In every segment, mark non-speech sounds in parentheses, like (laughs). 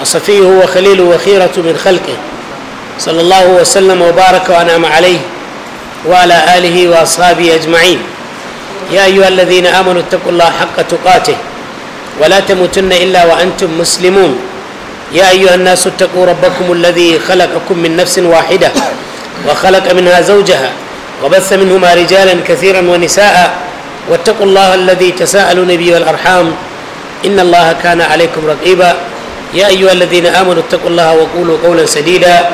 وصفيه وخليله وخيرة من خلقه صلى الله وسلم وبارك وأنعم عليه وعلى آله وأصحابه أجمعين يا أيها الذين آمنوا اتقوا الله حق تقاته ولا تموتن إلا وأنتم مسلمون يا أيها الناس اتقوا ربكم الذي خلقكم من نفس واحدة وخلق منها زوجها وبث منهما رجالا كثيرا ونساء واتقوا الله الذي تساءلون به والأرحام إن الله كان عليكم رقيبا يا أيها الذين آمنوا اتقوا الله وقولوا قولا سديدا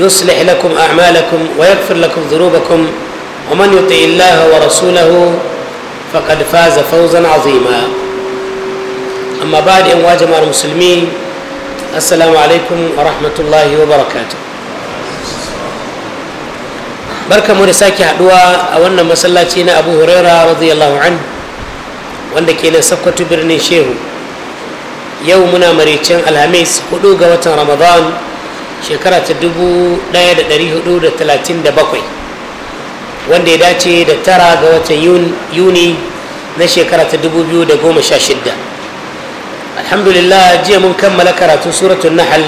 يصلح لكم أعمالكم ويغفر لكم ذنوبكم ومن يطع الله ورسوله فقد فاز فوزا عظيما أما بعد أمواج جماعة المسلمين السلام عليكم ورحمة الله وبركاته بركة mu da أولنا haduwa أبو هريرة رضي الله عنه وأنك إلى an برني شيهو yau muna maraicin alhamis 4 ga watan ramadan shekara ta 1437 wanda ya dace da tara ga watan yuni na shekara ta 2016 alhamdulillah jiya mun kammala karatun suratun nahal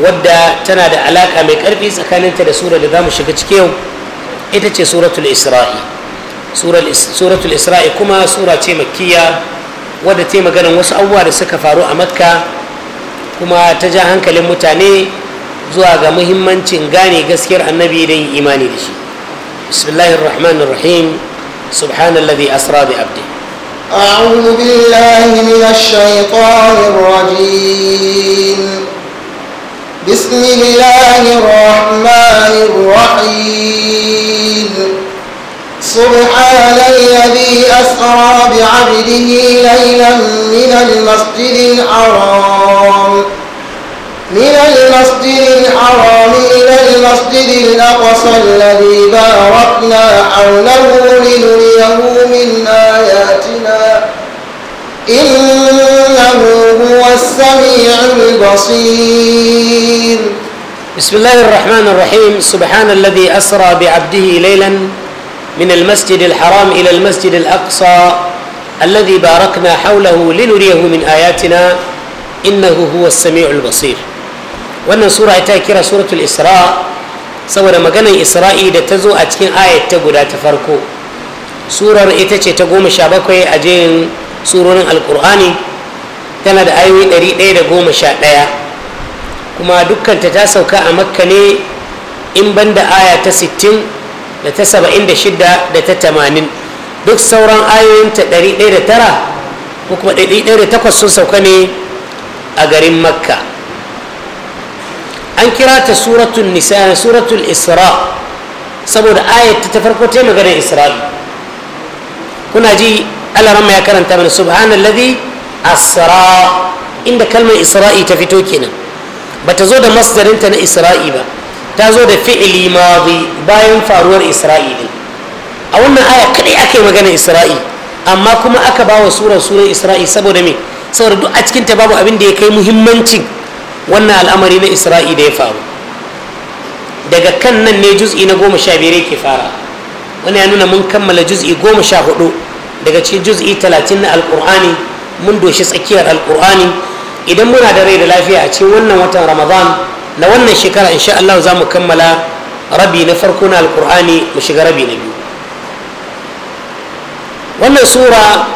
wadda tana da alaƙa mai ƙarfi tsakaninta da sura da za mu shiga ciki yau ita ce suratul isra'i suratul isra'i kuma sura ce wadda ta maganin wasu abubuwa da suka faru a makka kuma ta ja hankalin mutane zuwa ga muhimmancin gane gaskiyar annabi da yin imani da shi bismillahir rahmanir rahim subhanallazi asra bi abdi a'udhu billahi minash shaitanir rajim بسم الله الرحمن سبحان الذي أسرى بعبده ليلا من المسجد الحرام من المسجد الحرام إلى المسجد الأقصى الذي باركنا حوله لنريه من آياتنا إنه هو السميع البصير بسم الله الرحمن الرحيم سبحان الذي أسرى بعبده ليلا من المسجد الحرام إلى المسجد الأقصى الذي باركنا حوله لنريه من آياتنا إنه هو السميع البصير وأن سورة تاكرة سورة الإسراء سورة مجانا إسرائيل تزو أتكين آية تقول تفرقو سورة رئيتك تقوم شابكوي أجين سورة القرآن تند آيوي نريد أيضا قوم شابكوي كما دكا تتاسو كأمكني إن بند آية ستين da ta saba'in da shida da ta tamanin duk sauran ayoyinta ɗari ɗaya da tara ko kuma ɗari ɗaya da takwas sun sauka ne a garin makka an kira ta suratul nisa suratul isra saboda ayat ta farko ta maganar isra'i kuna ji alarama ya karanta mana subhanallazi asra inda kalmar isra'i ta fito kenan bata zo da masdarinta na isra'i ba ta zo da fi'ili madi bayan faruwar isra'i a wannan aya kadai ake magana isra'i amma kuma aka ba wa surar surar isra'i saboda me saboda duk a cikin ta babu abin da ya kai muhimmancin wannan al'amari na isra'i da ya faru daga kan nan ne juz'i na goma sha biyar yake fara wani ya nuna mun kammala juz'i goma sha hudu daga cikin juz'i talatin na alkur'ani mun doshi tsakiyar alkur'ani idan muna da rai da lafiya a cikin wannan watan ramadan na wannan shekara insha Allah za mu kammala rabi na farko na alkur'ani mu shiga rabi na biyu wannan sura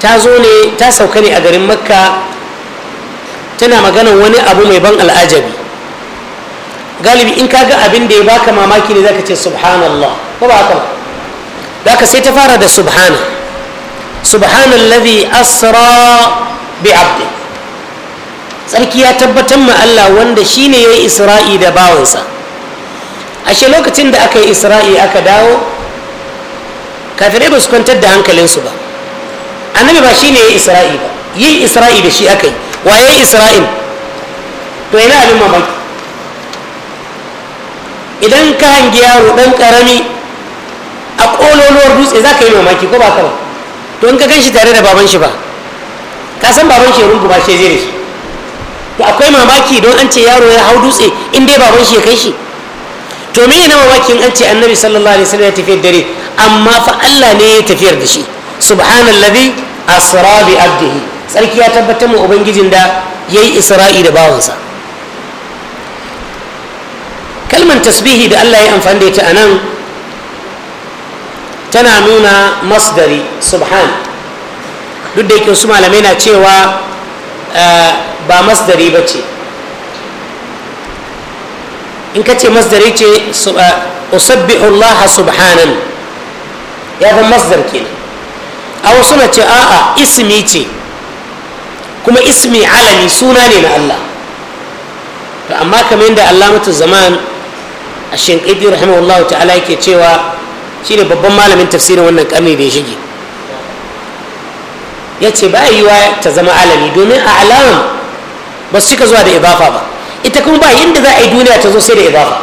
ta zo ne ta sauka ne a garin makka tana maganan wani abu mai ban al'ajabi galibi in ka ga abin da ya baka mamaki ne zaka ce subhanallah ko ba haka zaka sai ta fara da subhana subhanallazi asra bi abdi tsarki ya tabbatar ma Allah wanda shine ya yi isra'i da bawansa ashe lokacin da aka yi isra'i aka dawo kafirai ba su kwantar da hankalinsu ba annabi ba shine ya yi isra'i ba yin isra'i da shi aka yi wa ya yi isra'il to yana abin mamaki idan ka hangi yaro dan karami a kololuwar dutse za ka yi mamaki ko ba ka ba to in ka gan shi tare da baban shi ba ka san baban shi ya rungu ba shi zai da shi to akwai mamaki don an ce yaro ya hau dutse in dai baban shi ya kai shi to me ne mamakin an ce annabi sallallahu alaihi wasallam ya tafiyar dare amma fa Allah ne ya tafiyar da shi subhanallazi asra bi abdihi sarki ya tabbatar mu ubangijin da yayi isra'i da bawansa kalmar tasbihi da Allah ya amfani da ita anan tana nuna masdari subhan duk da yake su malamai na cewa ba masdari ba ce in ka ce masdari ce usabbi Allah subhanan ya fi masdar a wasu na ce a'a ismi ce kuma ismi alami suna ne na Allah to amma kamar yadda Allah mutu zaman a shinkaiti rahimahullah ta'ala yake cewa shi ne babban malamin tafsirin wannan karni da ya shige yace ce ba yiwa ta zama alami domin a alam ba su cika zuwa da idafa ba ita kuma ba yadda za a yi duniya ta zo sai da idafa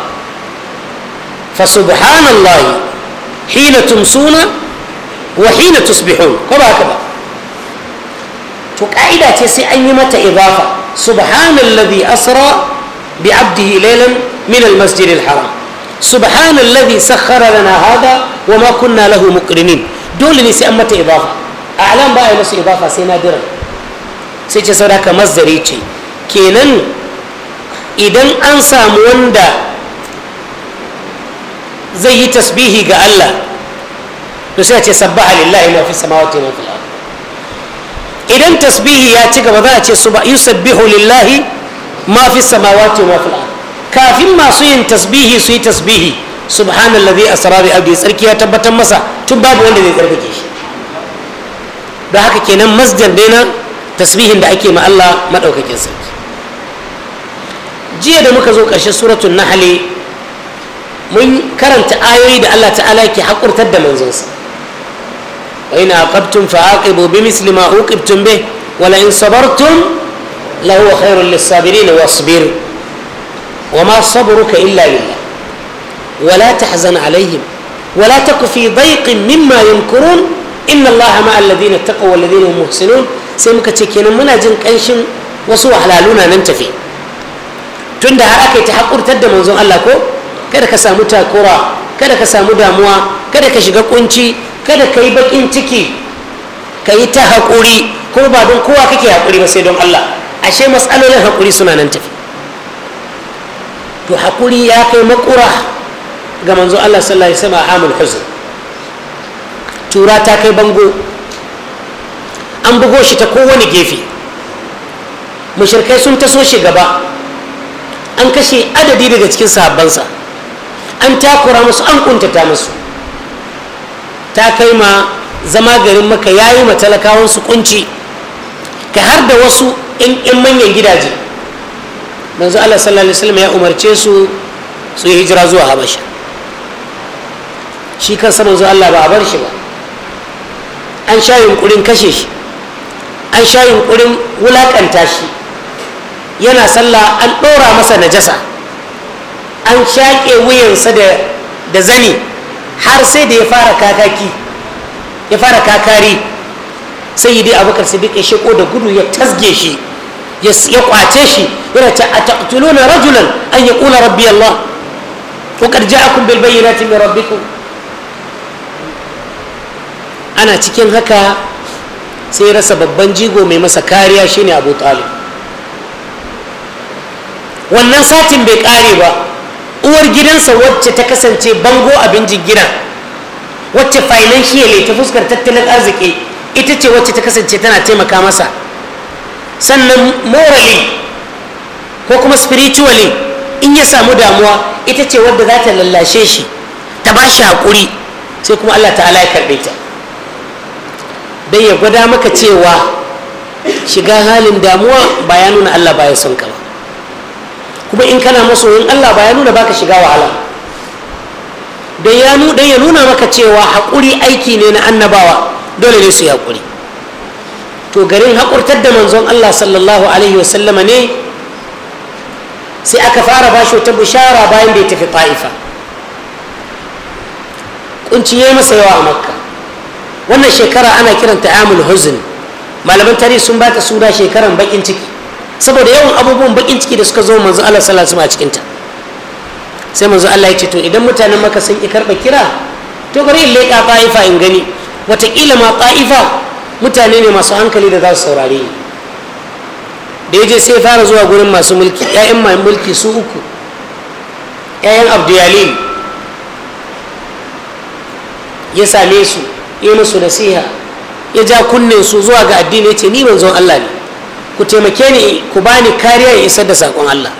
fa subhanallahi hina tumsuna wa hina tusbihun ko ba haka ba to ka'ida ce sai an yi mata idafa subhanallazi asra bi abdihi laylan min al-masjid al-haram subhanallazi sakhkhara lana hada wa ma kunna lahu muqrinin dole ne sai an mata idafa a'lam ba ya musu idafa sai nadiran sai ce sadaka mazdari ce kenan idan an samu wanda zai yi tasbihi ga Allah to sai a ce sabbaha lillahi ma fi samawati wa fil idan tasbihi ya ci gaba za a ce yusabbihu lillahi ma fi samawati wa fil kafin masu yin tasbihi su yi tasbihi subhanallazi asra bi da sarki ya tabbatar masa tun babu wanda zai tsarkake shi don haka kenan masdar ne na tasbihin da ake ma Allah maɗaukakin sarki jiya da muka zo ƙarshen suratun nahali mun karanta ayoyi da Allah ta'ala ke haƙurtar da manzonsa وإن عاقبتم فعاقبوا بمثل ما عوقبتم به ولئن صبرتم لهو خير للصابرين واصبر وما صبرك إلا بالله ولا تحزن عليهم ولا تك في ضيق مما يمكرون inna allaha ma ladina taqaw walladhina hum muhsinun sai muka ce kenan muna jin kanshin wasu wahalalu na nan tafi tunda har aka yi ta hakurtar da manzon Allah ko kada ka samu takura kada ka samu damuwa kada ka shiga kunci kada ka yi bakin ciki ka yi ta haƙuri ko ba don kowa kake haƙuri ba sai don Allah ashe matsalolin haƙuri suna nan tafi to haƙuri ya kai makura ga manzon Allah sallallahu alaihi wasallam amul huzn tura ta kai bango an bugo shi ta kowane gefe mashirkai sun taso shi gaba an kashe adadi daga cikin sahabbansa an takura musu an kuntata musu ta kai ma zama garin maka yayi ma talakawansu kunci ka har da wasu in manyan gidaje manzo Allah sallallahu alaihi wasallam ya umarce su su yi hijira zuwa Habasha shi kansa manzo Allah ba a bar shi ba an sha yunkurin kashe shi an sha yunkurin wulaƙanta shi yana sallah an ɗora masa najasa an shaƙe wuyansa da zani har sai da ya fara kakaki ya fara kakari sai yi dai abubakar duk ya sheko da gudu ya tasge shi ya kwace shi yana ta a na rajulan an yaqula rabbi allah وقد جاءكم cikin rabbi ربكم ana cikin haka sai rasa babban jigo mai masa kariya shine abu talib wannan satin bai kare ba uwar gidansa wacce ta kasance bango abin jigina wacce financially ta fuskar tattalin arziki ita ce wacce ta kasance tana taimaka masa sannan morally ko kuma spiritually in ya samu damuwa ita ce wadda za ta lallashe shi ta ba shi haƙuri sai kuma allah ta'ala ya karɓe ta dai ya gwada maka cewa shiga halin damuwa ba ya nuna Allah ba ya son ka ba kuma in kana maso yin Allah ba ya nuna baka shiga wahala don ya ya nuna maka cewa haƙuri aiki ne na annabawa dole ne su yi haƙuri to garin haƙurtar da manzon Allah sallallahu alaihi wasallama ne sai aka fara shi wata bishara bayan da ya tafi ta'ifa kunci ya masa yawa a makka wannan shekara ana kiranta amul huzn malaman tarihi sun bata sura shekaran bakin ciki saboda yawan abubuwan bakin ciki da suka zo manzo Allah sallallahu alaihi a cikinta sai manzo Allah ya ce to idan mutanen maka sun ki karba kira to bari in leka qa'ifa in gani wataƙila ma qa'ifa mutane ne masu hankali da za su saurare ni da yaje je sai fara zuwa gurin masu mulki ƴaƴan mai mulki su uku 'ya'yan abdiyalin ya same su ya musu nasiha ya ja kunnen su zuwa ga addini ya ce ni manzon Allah ne ku taimake ni ku bani kariya ya isar da sakon Allah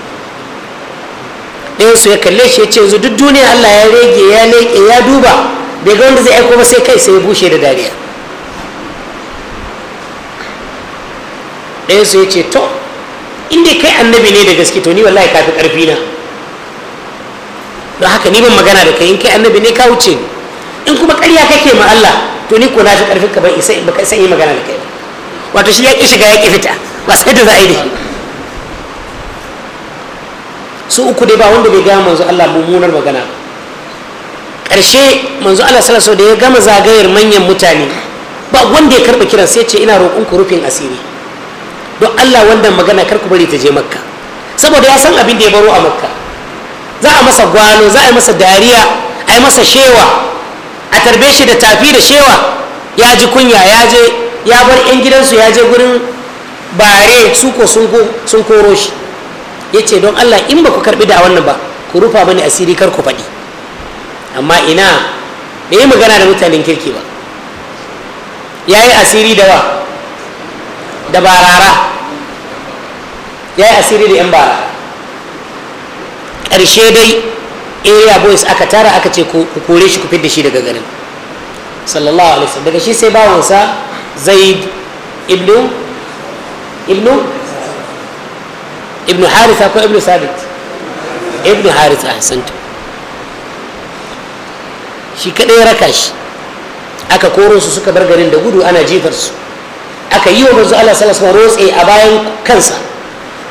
ɗayan su ya kalle shi ya ce yanzu duk duniya Allah ya rege ya leƙe ya duba bai ga wanda zai aiko ba sai kai sai bushe da dariya ɗayan su ya ce to inda kai annabi ne da gaske to ni wallahi ka fi ƙarfi na don haka ni ban magana da kai in kai annabi ne ka wuce ni in kuma ƙarya kake ma Allah to ni ko na fi ƙarfin ka ban isa in baka sai magana da kai wato shi ya ƙi shiga ya ƙi fita ba sai da za a yi da shi su uku dai ba wanda bai gaya manzo Allah mummunar magana ƙarshe manzo Allah sallallahu da ya gama zagayar manyan mutane ba wanda ya karɓa kiran sai ce ina roƙon ku rufin asiri don Allah wannan magana kar ku bari ta je makka saboda ya san abin da ya baro a makka za a masa gwano za a yi masa dariya a yi masa shewa a tarbe shi da tafi da shewa ya ji kunya ya je ya bar 'yan gidansu ya je gurin bare su ko sun koro shi ya ce don allah in ba ku karbi da wannan ba ku rufa bane asiri kar ku faɗi amma ina da yi magana da mutanen kirki ba ya yi asiri da wa da barara ya yi asiri da 'yan bara ƙarshe dai area boys aka tara aka ce ku kore shi ku fidda shi daga garin sallallahu alaihi wasallam daga shi sai bawansa zaid ibnu ibnu ibnu haritha ko ibnu sabit ibnu haritha santo shi kadai ya raka shi aka koro su suka bar garin da gudu ana jifar su aka yi wa manzo Allah sallallahu alaihi wasallam rotsi a bayan kansa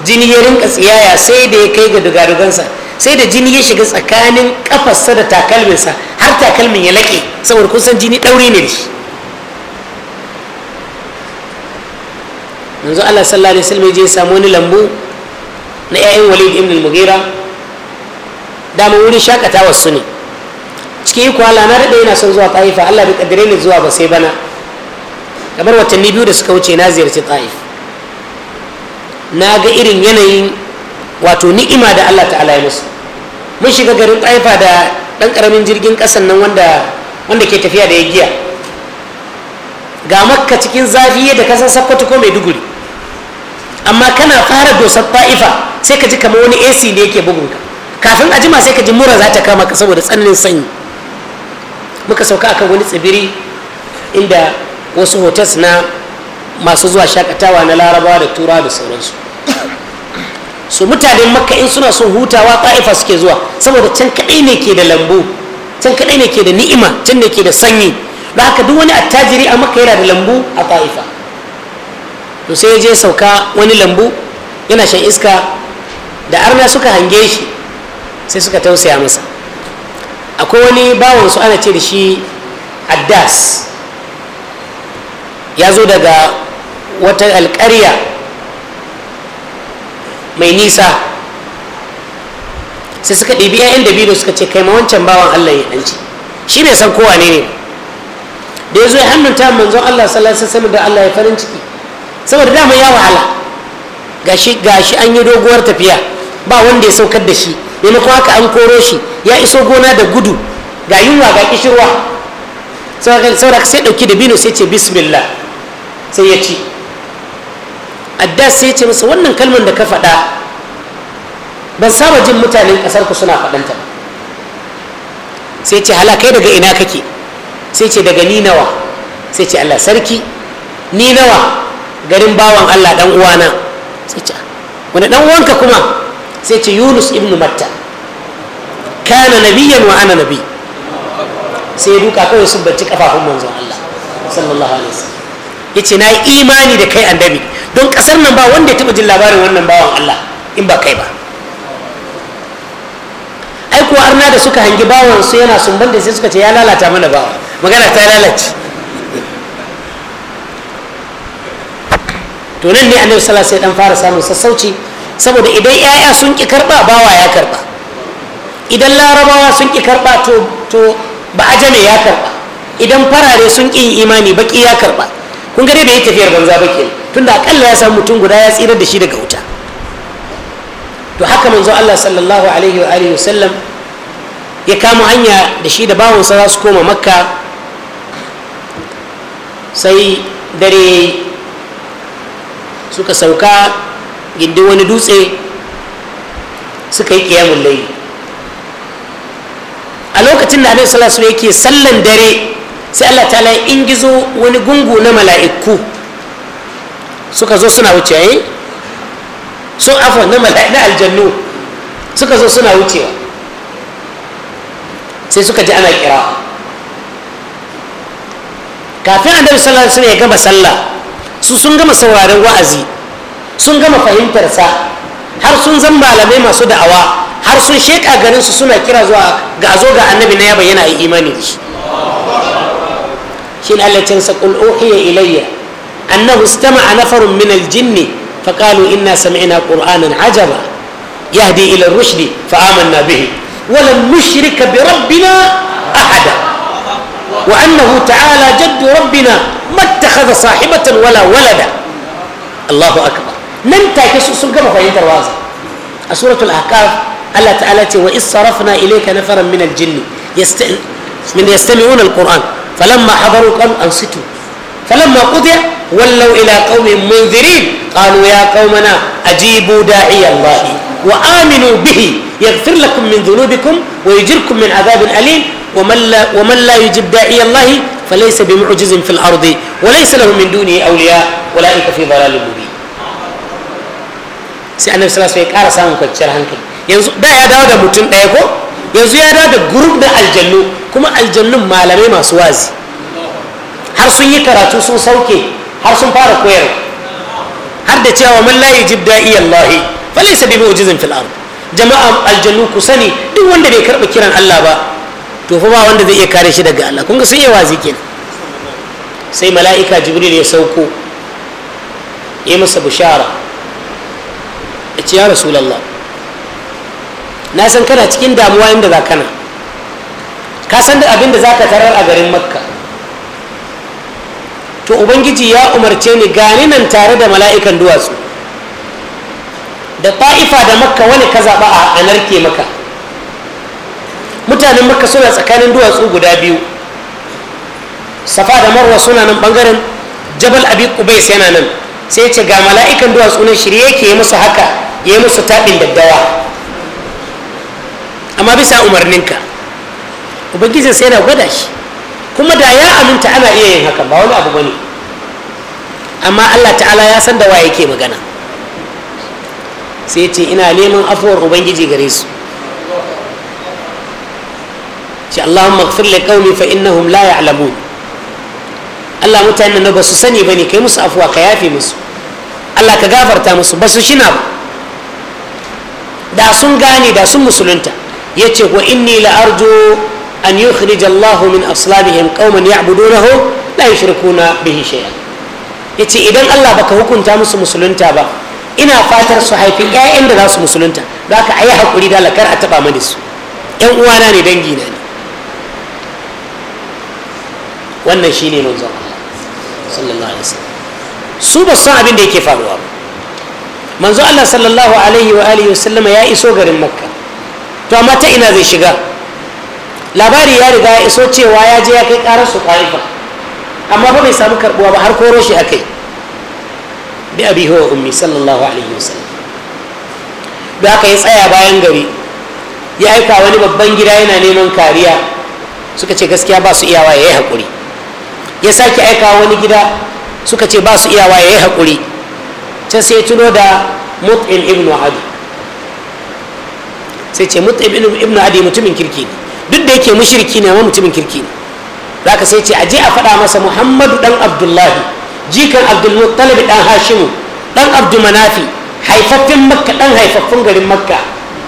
jini ya rinka tsiyaya sai da ya kai ga dugadugansa sai da jini ya shiga tsakanin kafarsa da takalminsa har takalmin ya laƙe saboda kusan jini ɗaure ne da shi yanzu allah sallallahu alaihi wasallam ya samu wani lambu na 'ya'yan walid ibn al-mughira dama wurin shakatawa su ne cikin iko allah na daɗe yana son zuwa ta'ifa allah bai kaddare ni zuwa ba sai bana kamar watanni biyu da suka wuce na ziyarci ta'if na ga irin yanayin wato ni'ima da allah ta'ala ya musu mun shiga garin taifa da ɗan ƙaramin jirgin ƙasan nan wanda ke tafiya da ya giya ga makka cikin zafi da kasan sakkwato ko mai duguri amma kana fara dosar ta'ifa sai ka ji kamar wani ac ne yake bugunka kafin a jima sai ka ji mura za ta kama ka saboda tsananin sanyi muka sauka akan wani tsibiri inda wasu hotels na masu zuwa shakatawa na larabawa da turawa da sauransu Su mutanen makka in suna son hutawa ta'ifa suke zuwa saboda can kadai ne ke da lambu can kadai ne ke da ni'ima can ne ke da sanyi da haka duk wani attajiri a makka yana da lambu a ta'ifa to sai ya je sauka wani lambu yana shan iska da arna suka hange shi sai suka tausaya masa akwai wani bawan su ana ce da shi addas ya zo daga wata alƙarya mai nisa sai suka ɗibi 'ya'yan da dabino suka ce kai ma wancan bawan allah ya ɗanci shi bai san kowa ne ne da ya zo ya hannun ta manzon allah sallallahu alaihi wasallam da allah ya farin ciki saboda dama ya wahala gashi gashi an yi doguwar tafiya ba wanda ya saukar da shi maimakon haka an koro shi ya iso gona da gudu ga yunwa ga kishirwa saboda sai ɗauki dabino sai ce bismillah sai ya ci addas sai ce masa wannan kalmar da ka faɗa ban saba jin mutanen ƙasar ku suna faɗanta ba sai ce hala kai daga ina kake sai ce daga ni nawa sai ce Allah sarki ni nawa garin bawan Allah dan uwana sai ce wani dan uwanka kuma sai ce Yunus ibn Matta kana nabiyan wa ana nabi sai duka kawai sun bacci kafafun manzon Allah sallallahu alaihi wasallam ya ce na yi imani da kai annabi don ƙasar nan ba wanda ya taɓa jin labarin wannan bawan Allah in ba kai ba ai kuwa arna da suka hangi bawan su yana sumban da sai suka ce ya lalata mana bawa magana ta lalace to nan ne annabi sallallahu alaihi wasallam fara samun sassauci saboda idan yaya sun ki karba bawa ya karba idan larabawa sun ki karba to to ba ajame ya karba idan farare sun ki imani baki ya karba kun gare bai yi tafiyar banza ba ke tunda akalla ya samu mutum guda ya tsirar da shi daga wuta to haka manzo Allah sallallahu alaihi wa alihi wasallam ya kama hanya da shi da bawansa za su koma makka sai dare suka sauka gindin wani dutse suka yi kiyamun layi a lokacin da annabi sallallahu alaihi yake sallan dare sai Allah ta lai in gizo wani gungu na mala'iku suka zo suna wuce eh? sun afa na na aljannu suka zo suna wucewa sai suka ji ana kira kafin annabi sallallahu alaihi wasallam ya gama sallah su sun gama sauraron wa'azi sun gama fahimtar sa har sun zan malamai masu da'awa har sun sheka garin su suna kira zuwa ga zo ga annabi na ya bayyana a imani da shi شين الله تنسى قل أوحي إلي أنه استمع نفر من الجن فقالوا إنا سمعنا قرآنا عجبا يهدي إلى الرشد فآمنا به ولن نشرك بربنا أحدا وأنه تعالى جد ربنا ما اتخذ صاحبة ولا ولدا الله أكبر nan تاكس su في gama fahimtar wazi الأحكام suratul ahqaf وإذ صرفنا إليك نفرا من الجن ilayka nafaran min فلما حضروا قالوا أنصتوا فلما قضي ولوا إلى قوم منذرين قالوا يا قومنا أجيبوا داعي الله وآمنوا به يغفر لكم من ذنوبكم ويجركم من عذاب أليم ومن لا, ومن لا يجب داعي الله فليس بمعجز في الأرض وليس له من دونه أولياء ولا أولئك في ضلال مبين sai annabi sallallahu alaihi wasallam ya ƙara samun kwanciyar hankali yanzu da ya dawo da mutum ɗaya ko yanzu kuma aljannun malamai masu wazi har sun yi karatu sun sauke har sun fara koyar har da cewa man la yajib da'i Allah fa laysa bi mu'jizin fil ard jama'a aljannu ku sani duk wanda bai karba kiran Allah ba to fa ba wanda zai iya kare shi daga Allah kun ga sun yi wazi kenan sai mala'ika jibril ya sauko ya masa bishara ya ce ya rasulallah na san kana cikin damuwa inda za kana ka san da abin da za ka tarar a garin makka to ubangiji ya umarce ni gani nan tare da mala'ikan duwatsu da ta'ifa da makka wani ka zaɓa a anarke maka mutanen makka suna tsakanin duwatsu guda biyu safa da marwa suna nan ɓangaren jabal abi kubais yana nan sai ce ga mala'ikan duwatsu nan shirye yake yi musu haka ya yi musu taɗin daddawa amma bisa umarninka ubangiji sai yana gwada shi kuma da ya aminta ana iya yin hakan ba wani abu bane amma Allah ta'ala ya san da wa yake magana sai ce ina neman afuwar ubangiji gare su ce Allahumma ighfir li qaumi fa innahum la ya'lamun Allah mutanen nan ba su sani bane kai musu afuwa ka yafe musu Allah ka gafarta musu ba su shina ba da sun gane da sun musulunta yace wa inni la arju أن يخرج الله من أصلابهم قوما يعبدونه لا يشركون به شيئا yace idan Allah baka hukunta musu musulunta ba ina fatar su haifi ƴaƴan da za su musulunta za ka ayi hakuri da lakar a taba mani su ƴan uwana ne dangi na ne wannan shine manzo sallallahu alaihi wasallam su ba san abin da yake faruwa ba manzo Allah sallallahu alaihi wa alihi wasallam ya iso garin makka to amma ta ina zai shiga labari ya riga ya iso cewa ya je ya kai karar su ta'ifa amma fa bai samu karbuwa ba har koro shi akai bi abi huwa ummi sallallahu alaihi wasallam da aka yi tsaya bayan gari ya aika wani babban gida yana neman kariya suka ce gaskiya ba su iyawa ya yi haƙuri ya sake aika wani gida suka ce ba su iyawa ya yi haƙuri can sai tuno da mut'im ibn adi sai ce mut'im ibn adi mutumin kirki ne duk da yake mushriki ne wa mutumin kirki ne zaka sai ce a je a faɗa masa muhammadu dan abdullahi jikan Abdullahi dan hashimu dan abdumanafi haifaffin makka dan haifaffin garin makka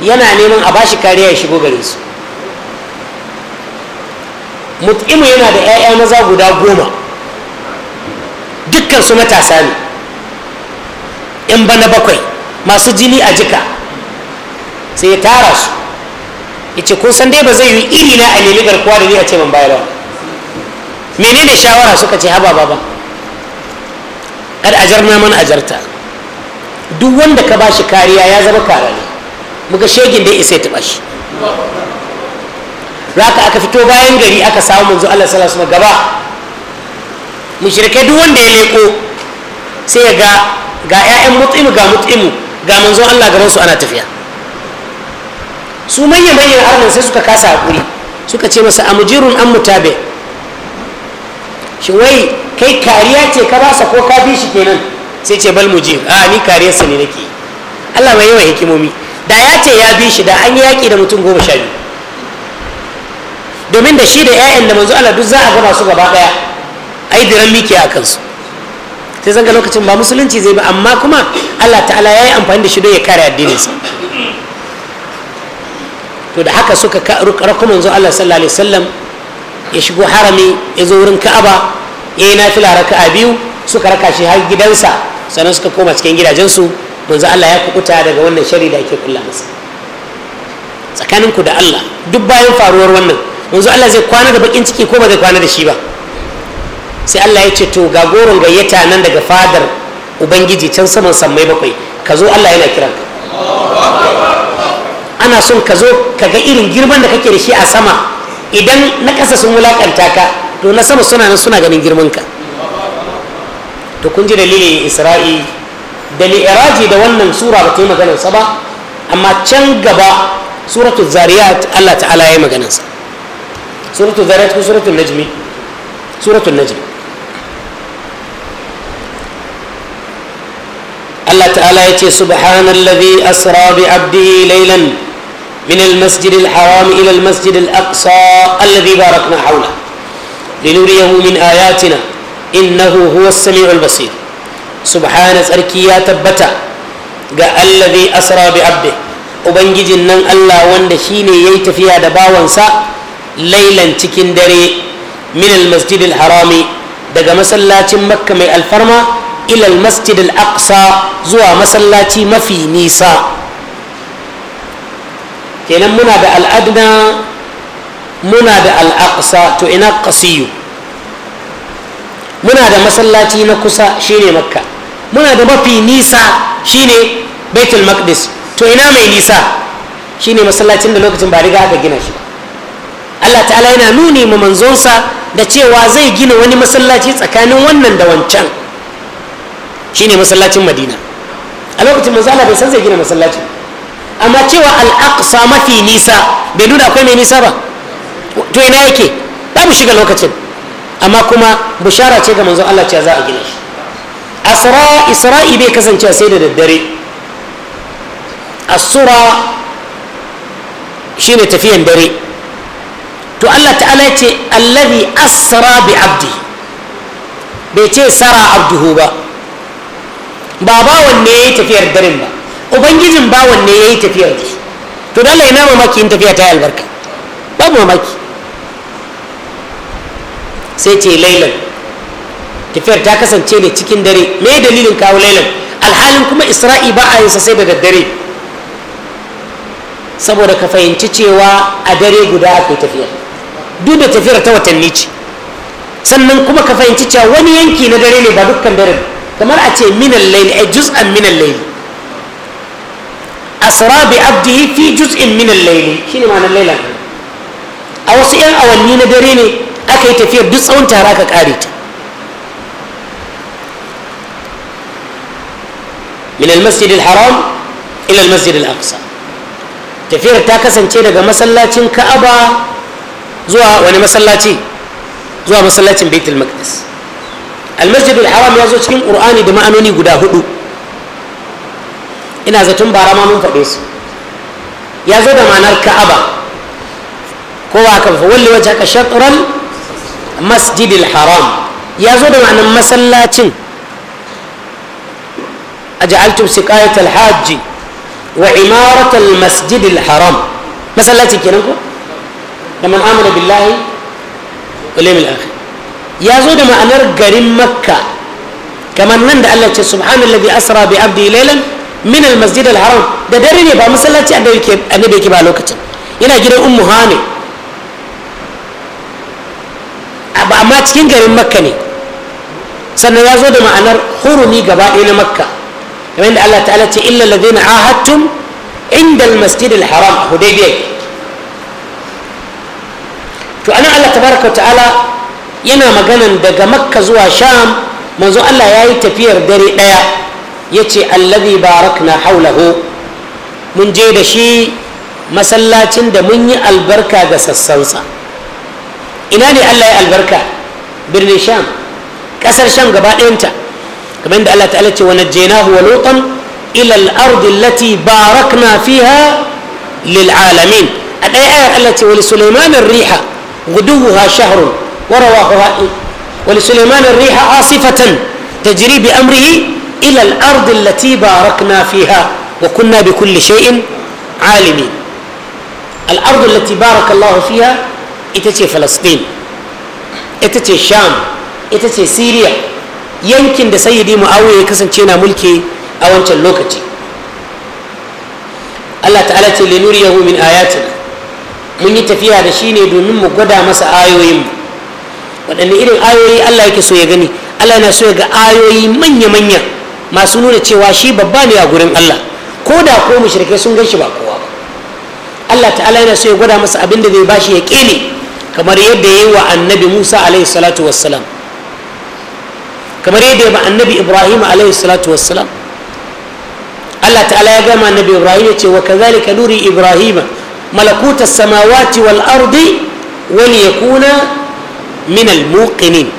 yana neman a bashi kariya ya shigo gare su mut'imu yana da 'ya'ya maza guda goma dukkan su matasa ne in bana bakwai masu jini a jika sai ya tara su yace kun san dai ba zai yi iri na a nemi garkuwa da ni a ce ban bayar ba menene shawara suka ce haba baba ajar na man ajarta duk wanda ka bashi kariya ya zama karare muka shegin dai isai ta taba raka aka fito bayan gari aka samu manzo Allah sallallahu alaihi gaba mushrikai duk wanda ya leko sai ya ga ga ƴaƴan mut'imu ga mut'imu ga manzo Allah gaban su ana tafiya su manya manyan arnan sai suka kasa hakuri suka ce masa amujirun an mutabe shi wai kai kariya ce ka basa ko ka bi shi kenan sai ce bal mujir a ni kariyarsa ne nake Allah mai yawan hikimomi da ya ce ya bi shi da an yi yaƙi da mutum goma sha biyu domin da shi da 'ya'yan da manzo Allah duk za a gama su gaba ɗaya a yi diran miki a kansu sai zanga lokacin ba musulunci zai ba amma kuma Allah ta'ala ya yi amfani da shi don ya kare addininsa to da haka suka rako manzo Allah sallallahu alaihi wasallam ya shigo harami ya zo wurin Ka'aba ya yi nafila raka'a biyu suka raka shi har gidansa sannan suka koma cikin gidajensu manzo Allah ya kukuta daga wannan shari da ake kulla masa tsakaninku da Allah duk bayan faruwar wannan manzo Allah zai kwana da bakin ciki ko ba zai kwana da shi ba sai Allah ya ce to ga goron gayyata nan daga fadar ubangiji can saman sammai bakwai ka zo Allah yana kiranka ana son ka zo ka ga irin girman da kake da shi a sama idan na kasa sun wulaƙanta ka to na sama suna nan suna ganin girman ka to kun ji dalilin isra'i da li'iraji da wannan sura ba ta yi maganarsa ba amma can gaba suratul zariyat Allah ta'ala ya yi maganarsa suratul zariyat ko suratul najmi suratul najmi Allah ta'ala ya ce subhanallazi asra bi abdihi laylan من المسجد الحرام إلى المسجد الأقصى الذي باركنا حوله لنريه من آياتنا إنه هو السميع البصير سبحان سركيا تبتا قال الذي أسرى بعبده أبنجي جنن الله واندشيني ييتفيا دباوانسا ليلا تكندري من المسجد الحرام دقى مسلاتي مكة من الفرما إلى المسجد الأقصى زوى مسلاتي مفي نيسا kenan muna da al'adna muna da al'aqsa to ina qasiyu muna da masallaci na kusa shine makka muna da mafi nisa shine baitul maqdis to ina mai nisa shine masallacin da lokacin ba riga aka gina shi Allah ta'ala yana nuni ma manzonsa da cewa zai gina wani masallaci tsakanin wannan da wancan shine masallacin madina a lokacin manzo Allah bai san zai gina masallacin. amma cewa al'aqsa mafi nisa bai nuna akwai mai nisa ba to ina yake za mu shiga lokacin amma kuma bushara ce ga manzon Allah cewa za a gina shi asra isra'i bai kasance sai da daddare asura shine tafiyan dare to Allah ta'ala ya ce allazi asra bi abdi bai ce sara abduhu ba ba bawan ne ya tafiyar daren ba ubangijin bawan ne ya yi tafiya da shi to dole ina mamaki in tafiya ta yi albarka babu mamaki sai ce lailan tafiyar ta kasance ne cikin dare me dalilin kawo lailan alhalin kuma isra'i ba a yinsa sai da daddare saboda ka fahimci cewa a dare guda aka tafiya duk da tafiyar ta watanni ce sannan kuma ka fahimci cewa wani yanki na dare ne ba dukkan dare kamar a ce minan laili a juz'an minan laili asra bi abdihi fi juz'in min al-layl shine ma'anar laila a wasu yan awanni na dare ne aka yi tafiyar duk tsawon tara ka kare ta min al-masjid al-haram ila al-masjid al-aqsa tafiyar ta kasance daga masallacin ka'aba zuwa wani masallaci zuwa masallacin baitul maqdis al-masjid al-haram ya zo cikin qur'ani da ma'anoni guda hudu ina zaton bara ma mun faɗe su ya zo da manar ka'aba kowa kan fa walli wajha ka shatran masjidil haram ya zo da ma'anar masallacin aj'altum siqayat al hajj wa imarat al haram masallacin kenan ko da man amana billahi wal yawm al ya zo da ma'anar garin makka kamar nan da Allah ya ce subhanallazi asra bi abdi laylan min almasjid alharam da dare ne ba masallaci annabi yake ba lokacin yana gidan ummu hani amma cikin garin makka ne sannan ya zo da ma'anar hurumi gaba ɗaya na makka kamar yadda allah ta'ala ce illa ladina ahadtum inda almasjid alharam a hudaybiya to anan allah tabaraka ta'ala yana maganan daga makka zuwa sham manzo allah ya yi tafiyar dare ɗaya يتي الذي باركنا حوله من جيد شي مسلا دا مني البركة دا سسنسا إنا دي الله البركة برني شام كسر شام قبا انت كما عند الله تعالى ونجيناه ولوطا إلى الأرض التي باركنا فيها للعالمين الآية التي ولسليمان الريحة غدوها شهر ورواحها إيه؟ ولسليمان الريحة عاصفة تجري بأمره إلى الأرض التي باركنا فيها وكنا بكل شيء عالمين الأرض التي بارك الله فيها إتتي فلسطين إتتي الشام إتتي سوريا يمكن ده سيدي معاوية كسن تينا ملكي أو أنت اللوكتي الله تعالى لنريه من آياتنا mun yi tafiya da shi ne domin mu gwada masa ayoyin waɗanne irin ayoyi Allah yake so ya gani Allah yana so ya ga ayoyi manya-manya masu nuna cewa shi babba ne a gurin Allah ko da ko mushrikai sun gan shi ba kowa ba Allah ta'ala yana so ya gwada masa abin da zai bashi ya kele kamar yadda ya yi wa annabi Musa alaihi salatu wassalam kamar yadda ya ba annabi Ibrahim alaihi salatu wassalam Allah ta'ala ya gama annabi Ibrahim ya ce wa kazalika nuri Ibrahim malakuta samawati wal ardi wani yakuna min al muqinin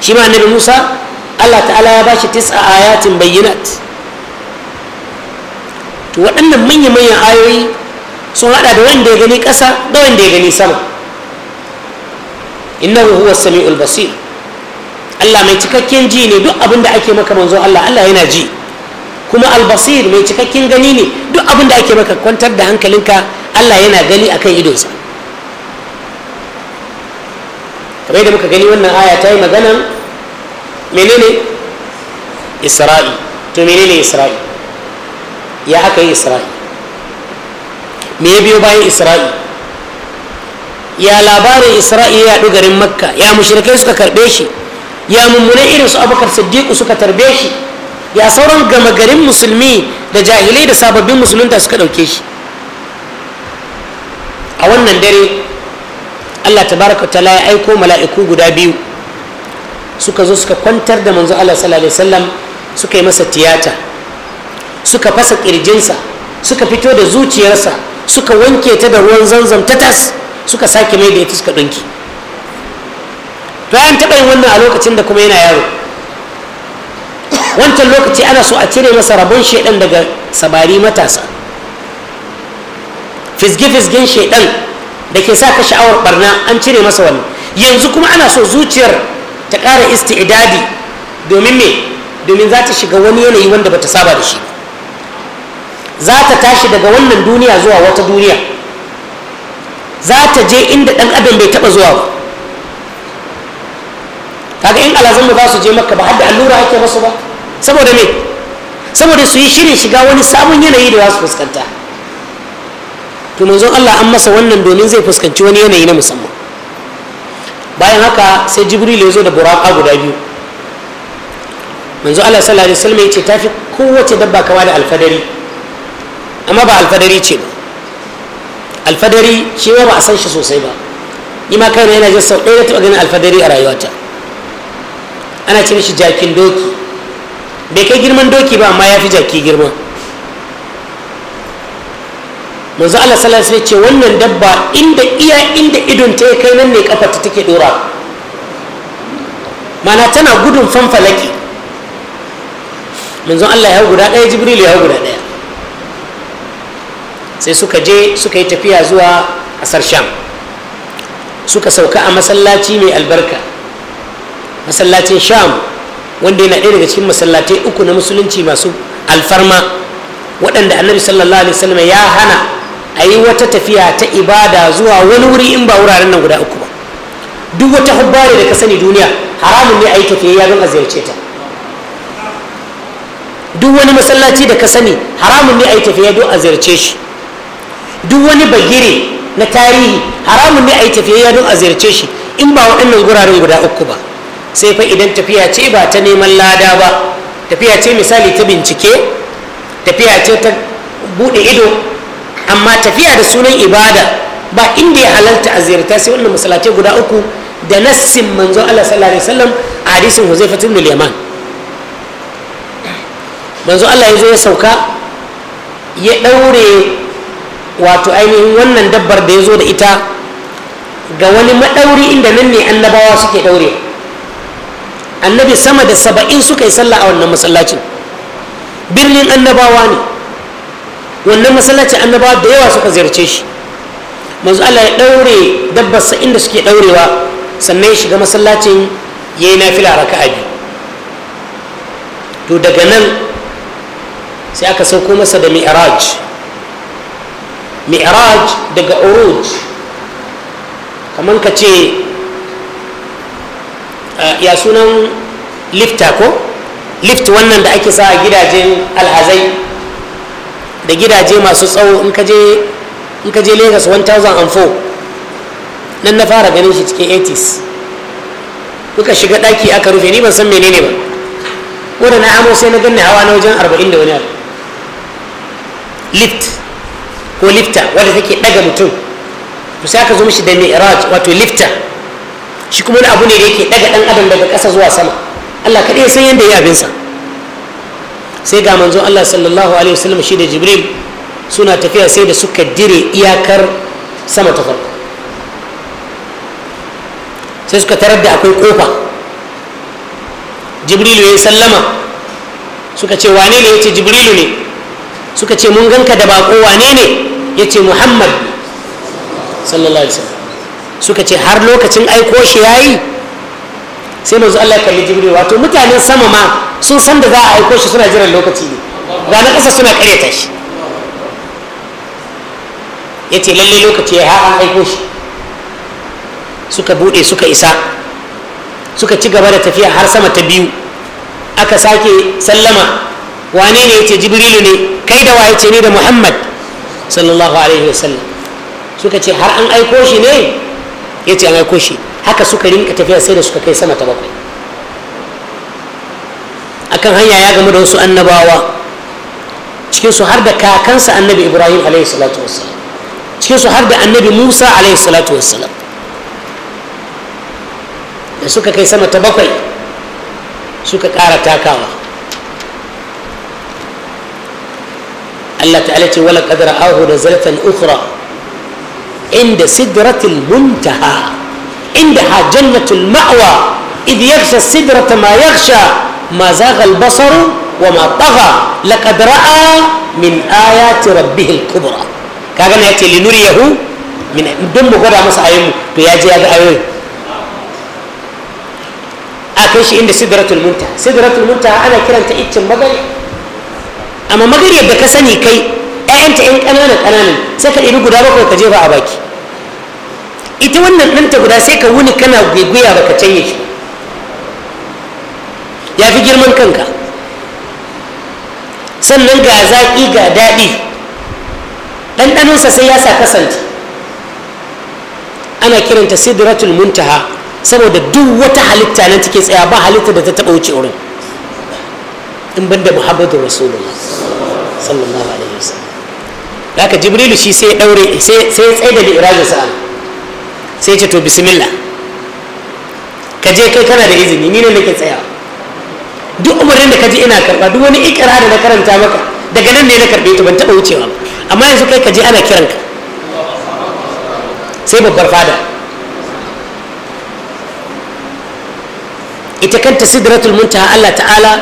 shi ma annabi Musa Allah ta'ala ya bashi tis'a ayatin bayyanat. to waɗannan manya-manyan ayoyi sun hada da wanda ya gani ƙasa da wanda ya gani sama innahu huwa sami'ul basir Allah mai cikakken ji ne duk abin da ake maka manzo Allah Allah yana ji kuma albasir mai cikakken gani ne duk abin da ake maka kwantar da hankalinka Allah yana gani akan idonsa kamar da muka gani wannan aya ta yi maganan menene isra'i to menene isra'i ya aka yi isra'i me ya biyo bayan isra'i ya labarin isra'i ya yaɗu garin makka ya mushrikai suka karɓe shi ya mummunan irin su abokan siddiqu suka tarbe shi ya sauran gama garin musulmi da jahilai da sababbin musulunta suka ɗauke shi a wannan dare allah Ta tabaraka ta ya aiko mala'iku guda biyu suka zo suka kwantar da manzo Allah sallallahu alaihi wasallam suka yi masa tiyata suka fasa kirjinsa suka fito da zuciyarsa suka wanke ta da ruwan zanzam ta tas suka sake mai da ita suka ɗinki to an taɓa yin wannan a lokacin da kuma yana yaro wancan lokaci ana so a cire masa rabon shaidan daga sabari matasa fisge-fisgen shaidan da ke sa ka sha'awar barna an cire masa wani yanzu kuma ana so zuciyar ta ƙara isti'dadi domin me domin za ta shiga wani yanayi wanda bata saba da shi za ta tashi daga wannan duniya zuwa wata duniya za ta je inda ɗan adam bai taɓa zuwa ba kaga in alazanmu za su je makka ba har da allura ake masu ba saboda me saboda su yi shirin shiga wani sabon yanayi da za su fuskanta to manzon Allah an masa wannan domin zai fuskanci wani yanayi na musamman bayan haka sai jibril ya zo da buraka guda biyu manzo Allah sallallahu alaihi wasallam ce tafi kowace dabba kawa da alfadari amma ba alfadari ce ba alfadari shi ba a san shi sosai ba ni ma kaina yana jin sau ɗaya taɓa ganin alfadari a rayuwata ana ce mishi jakin doki bai kai girman doki ba amma ya fi jaki girma manzo Allah sallallahu alaihi ce wannan dabba inda iya inda idon ta kai nan ne kafar ta take dora mana tana gudun fanfalaki manzo Allah ya guda ɗaya Jibril ya guda ɗaya sai suka je suka yi tafiya zuwa ƙasar Sham suka sauka a masallaci mai albarka masallacin Sham wanda yana ɗaya daga cikin masallatai uku na musulunci masu alfarma waɗanda annabi sallallahu alaihi wasallam ya hana a yi wata tafiya ta ibada zuwa wani wuri in ba wuraren nan guda uku ba duk wata hubbari da ka sani duniya haramun ne a yi tafiya don a ziyarce ta duk wani masallaci da ka sani haramun ne a yi tafiya don a ziyarce shi duk wani bagire na tarihi haramun ne a yi tafiya don a ziyarce shi in ba waɗannan guraren guda uku ba sai fa idan tafiya ce ba ta neman lada ba tafiya ce misali ta bincike tafiya ce ta buɗe ido amma tafiya da sunan ibada ba inda ya halarta a ziyarta sai wannan masallatai guda uku da nassin manzo Allah sallallahu alaihi wasallam a hadisin Huzaifa ibn yaman manzo Allah ya zo ya sauka ya daure wato ainihin wannan dabbar da ya zo da ita ga wani madauri inda nan ne annabawa suke daure annabi sama da saba'in suka yi sallah a wannan masallacin birnin annabawa ne wannan masallaci annabawa da yawa suka ziyarce shi manzo Allah ya daure sa inda suke daurewa sannan ya shiga masallacin ya yi nafila raka'a biyu to daga nan sai aka sauko masa da mi'raj mi'raj daga uruj kamar ka ce eh, ya sunan lifta ko lift wannan da ake sa a gidajen alhazai da gidaje masu tsawo in ka je lagos 1004 nan na fara ganin shi cikin 80s muka shiga daki aka rufe ni ban san menene ba wadda na amo sai na ganna hawa na wajen 40 da wani abu lift ko lifta wadda take ɗaga mutum to sai aka zo mishi da mi'raj wato lifta shi kuma wani abu ne da yake ɗaga ɗan adam daga ƙasa zuwa sama allah kaɗai ya san yadda ya abinsa sai ga manzon Allah sallallahu alaihi wasallam shi da Jibril suna tafiya sai da suka dire iyakar sama ta farko sai suka tarar da akwai kofa jibril ya sallama suka ce wane ne yace jibril ne suka ce mun ganka da bako wane ne yace Muhammad sallallahu alaihi wasallam suka ce har lokacin aiko shi yayi sai manzo Allah ya kalli jibril wato mutanen sama ma sun san da za a aiko shi suna jiran lokaci ne ga na ƙasa suna ƙaryata shi ya ce lalle lokaci ya an aiko shi suka buɗe suka isa suka ci gaba da tafiya har sama ta biyu aka sake sallama wane ne ya ce jibrilu ne kai da waye ce ne da muhammad sallallahu alaihi wasallam suka ce har an aiko shi ne ya ce an aiko shi haka suka rinka tafiya sai da suka kai sama ta bakwai akan hanya ya gamu da wasu annabawa cikin su har da kakansa annabi ibrahim alayhi salatu wassalam cikin su har da annabi musa alayhi salatu wassalam da suka kai sama ta bakwai suka kara takawa allah ta'ala ce wala qadara ahu da zalatan ukhra inda sidratil muntaha عندها جنة المأوى إذ يغشى السدرة ما يغشى ما زاغ البصر وما طغى لقد رأى من آيات ربه الكبرى كأن يأتي لنريه من دم غرى مسا أيمو بياجي هذا أيوه أكيش إن سدرة المنتهى سدرة المنتهى أنا كلا أنت إتم مغري أما مغري يبدأ كسني كي أنت إن أنا أنا أنا سكر إلو قدابك بكرة تجيبها أباكي ita wannan ɗanta guda sai ka wuni kana gwaigwaya baka canye shi ya fi girman kanka sannan ga zaƙi ga daɗi ɗanɗanonsa sai ya sa kasance ana kiranta sidratul muntaha saboda duk wata halitta nan take tsaya ba halitta da ta taɓa wuce wurin in ban da muhammadu rasulullah sallallahu alaihi wasallam haka jibrilu shi sai ya ɗaure sai tsaye da li'irajin sa'a sai ce to bismillah ka je kai kana da izini ni ne nake tsayawa duk umarnin da ka ji ina karba duk wani ikira da na karanta maka daga nan ne na karbe ta ban taba wucewa ba amma yanzu kai ka je ana kiranka sai babbar fada ita kanta sidratul muntaha Allah ta'ala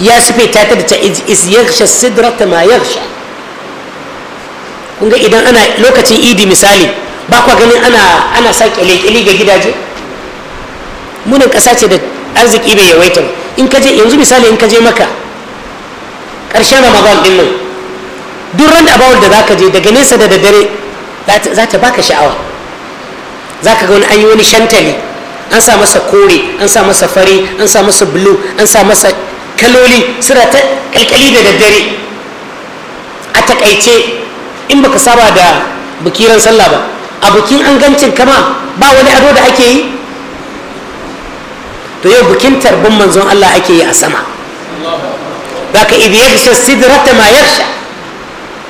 ya sife ta da ta is yaghsha sidrata ma yaghsha kun ga idan ana lokacin idi misali ba kwa ganin ana ana sa kyale ga gidaje munin ƙasa ce da arziki bai yawaita in ka je yanzu misali in ka je maka ƙarshen ramadan din nan duk ran abawar da zaka je daga nesa da daddare za ta baka sha'awa za ka ga wani an yi wani shantali an sa masa kore an sa masa fari an sa masa bulu an sa masa kaloli suna ta kalkali da daddare a takaice in baka saba da bukiran sallah ba a bikin angancin kama ba wani ado da ake yi to yau bikin tarbin manzon Allah ake yi a sama ba ka ibi yaksha sidrata ma yarsha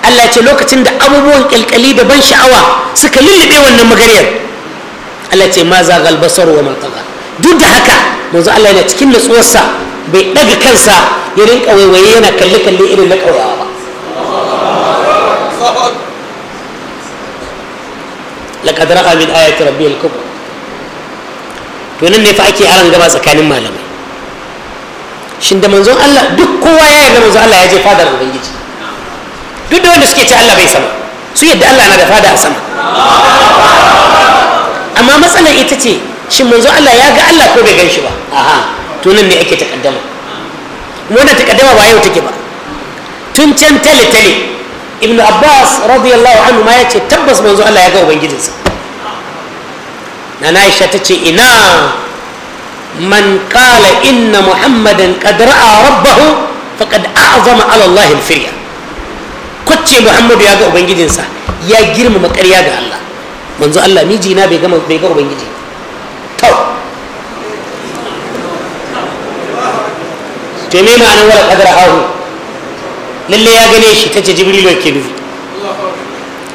Allah ce lokacin da abubuwan kyalkyali da ban sha'awa suka lullube wannan maganiyar? Allah ce ma zagal basar wa mantaga duk da haka manzo Allah yana cikin natsuwarsa bai ɗaga kansa ya rinka waiwaye yana kalli-kalli irin na ƙauyawa ba laqad ra'a min ayati rabbihil kubra to nan ne fa ake aron gaba tsakanin malamai shin da manzon Allah duk kowa ya yarda manzon Allah ya je fadar ubangiji duk da wanda suke ce Allah bai sama su yadda Allah na da fada a sama amma matsalar ita ce shin manzon Allah ya ga Allah ko bai gan shi ba aha to nan ne ake takaddama wannan takaddama ba yau take ba tun can tale tale Ibn abbas radiyallahu anhu ma ya ce tabbas manzo Allah ya ga ubangijinsa na aisha ta ce ina man qala inna muhammadan qad ra'a rabbahu faqad a'zama ala Allah al-firya kwace muhammadu ya ga ubangijinsa ya girmama ƙarya ga Allah manzo Allah miji na bai ga bai ga ubangiji to to me ma'anar wala qadara ahu lalle ya gane shi ta ce jibrilu ke nufi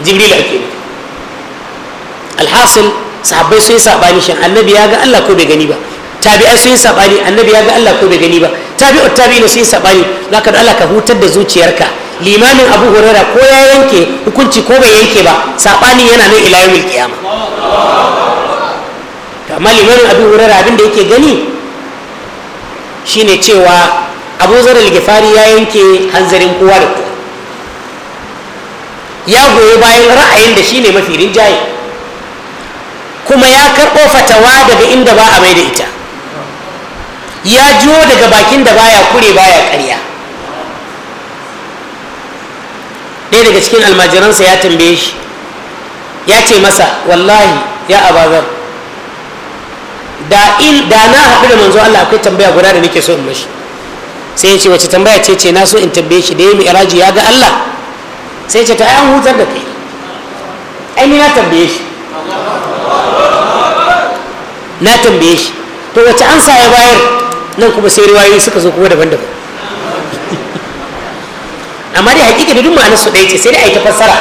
jibrilu ke nufi alhasil sahabbai sun yi sabani shin annabi ya ga Allah ko bai gani ba tabi'ai sun yi sabani annabi ya ga Allah ko bai gani ba tabi'u tabi'ina sun yi sabani zaka da Allah ka hutar da zuciyarka limamin Abu Huraira ko ya yanke hukunci ko bai yanke ba sabani yana nan ila yawmil qiyama amma limamin Abu Huraira abin da yake gani shine cewa abu zara al ya yanke hanzarin kowa da kowa ya goyi bayan ra'ayin da shi ne mafi rinjaye kuma ya karɓo fatawa daga inda ba a mai da ita ya jiwo daga bakin da baya kure baya karya ɗaya daga cikin almajiransa ya tambaye shi ya ce masa wallahi ya abazar da na haɗu da manzo Allah akwai tambaya guda da nake so in mashi sai ya ce wace tambaya ce ce na so in tambaye shi da ya mi iraji ya ga Allah sai ya ce ta an hutar da kai ai ni na tambaye shi na tambaye shi to wace sa ya bayar nan kuma sai riwayoyi suka zo kuma daban-daban (laughs) amma dai hakika da duk ma'anar su ɗaya ce sai dai a yi ta fassara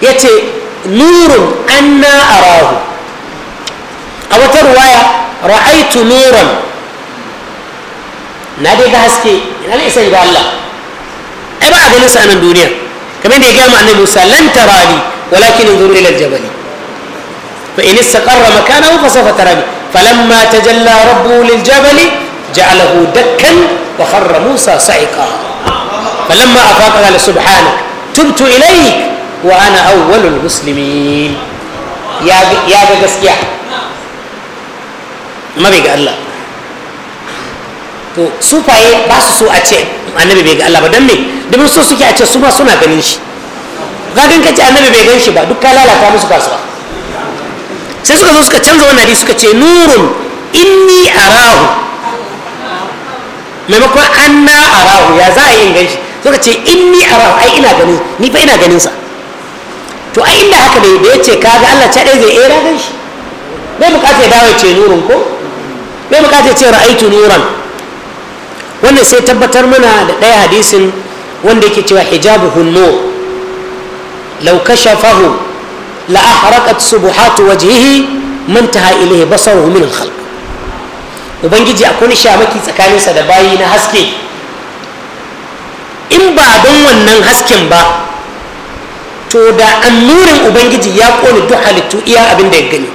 ya ce nurun anna arahu a wata ruwaya ra'aitu nuran نادي غاسكي لا ليس يبا الله ابا غلس انا الدنيا كما ان يجي النبي صلى الله لن تراني ولكن انظر الى الجبل فان استقر مكانه فسوف تراني فلما تجلى ربه للجبل جعله دكا وخر موسى صعقا فلما افاق قال سبحانك تبت اليك وانا اول المسلمين يا يا غاسكي ما بيقال الله to sufaye ba su so a ce annabi bai ga Allah ba dan me da so suke a ce su ma suna ganin shi ka gan kace annabi bai gan shi ba duk ka lalata musu kasuwa sai suka zo suka canza wannan hadisi suka ce nurun inni arahu maimakon an na arahu ya za a yi gan shi suka ce inni arahu ai ina ganin ni fa ina ganin sa to ai inda haka dai da yace ka ga Allah ta dai zai era eh, gan shi bai bukata ya dawo ce nurun ko bai bukata ya ce ra'aitu nuran wannan sai tabbatar mana da ɗaya hadisin wanda yake cewa hijab nur law kashafahu la ahraqat subuhatu wajhihi mantaha ilayhi basaruhu min al-khalq ubangiji akwai shamaki tsakaninsa da bayi na haske in ba don wannan hasken ba to da annurin ubangiji ya kone duk halittu iya abin da ya gani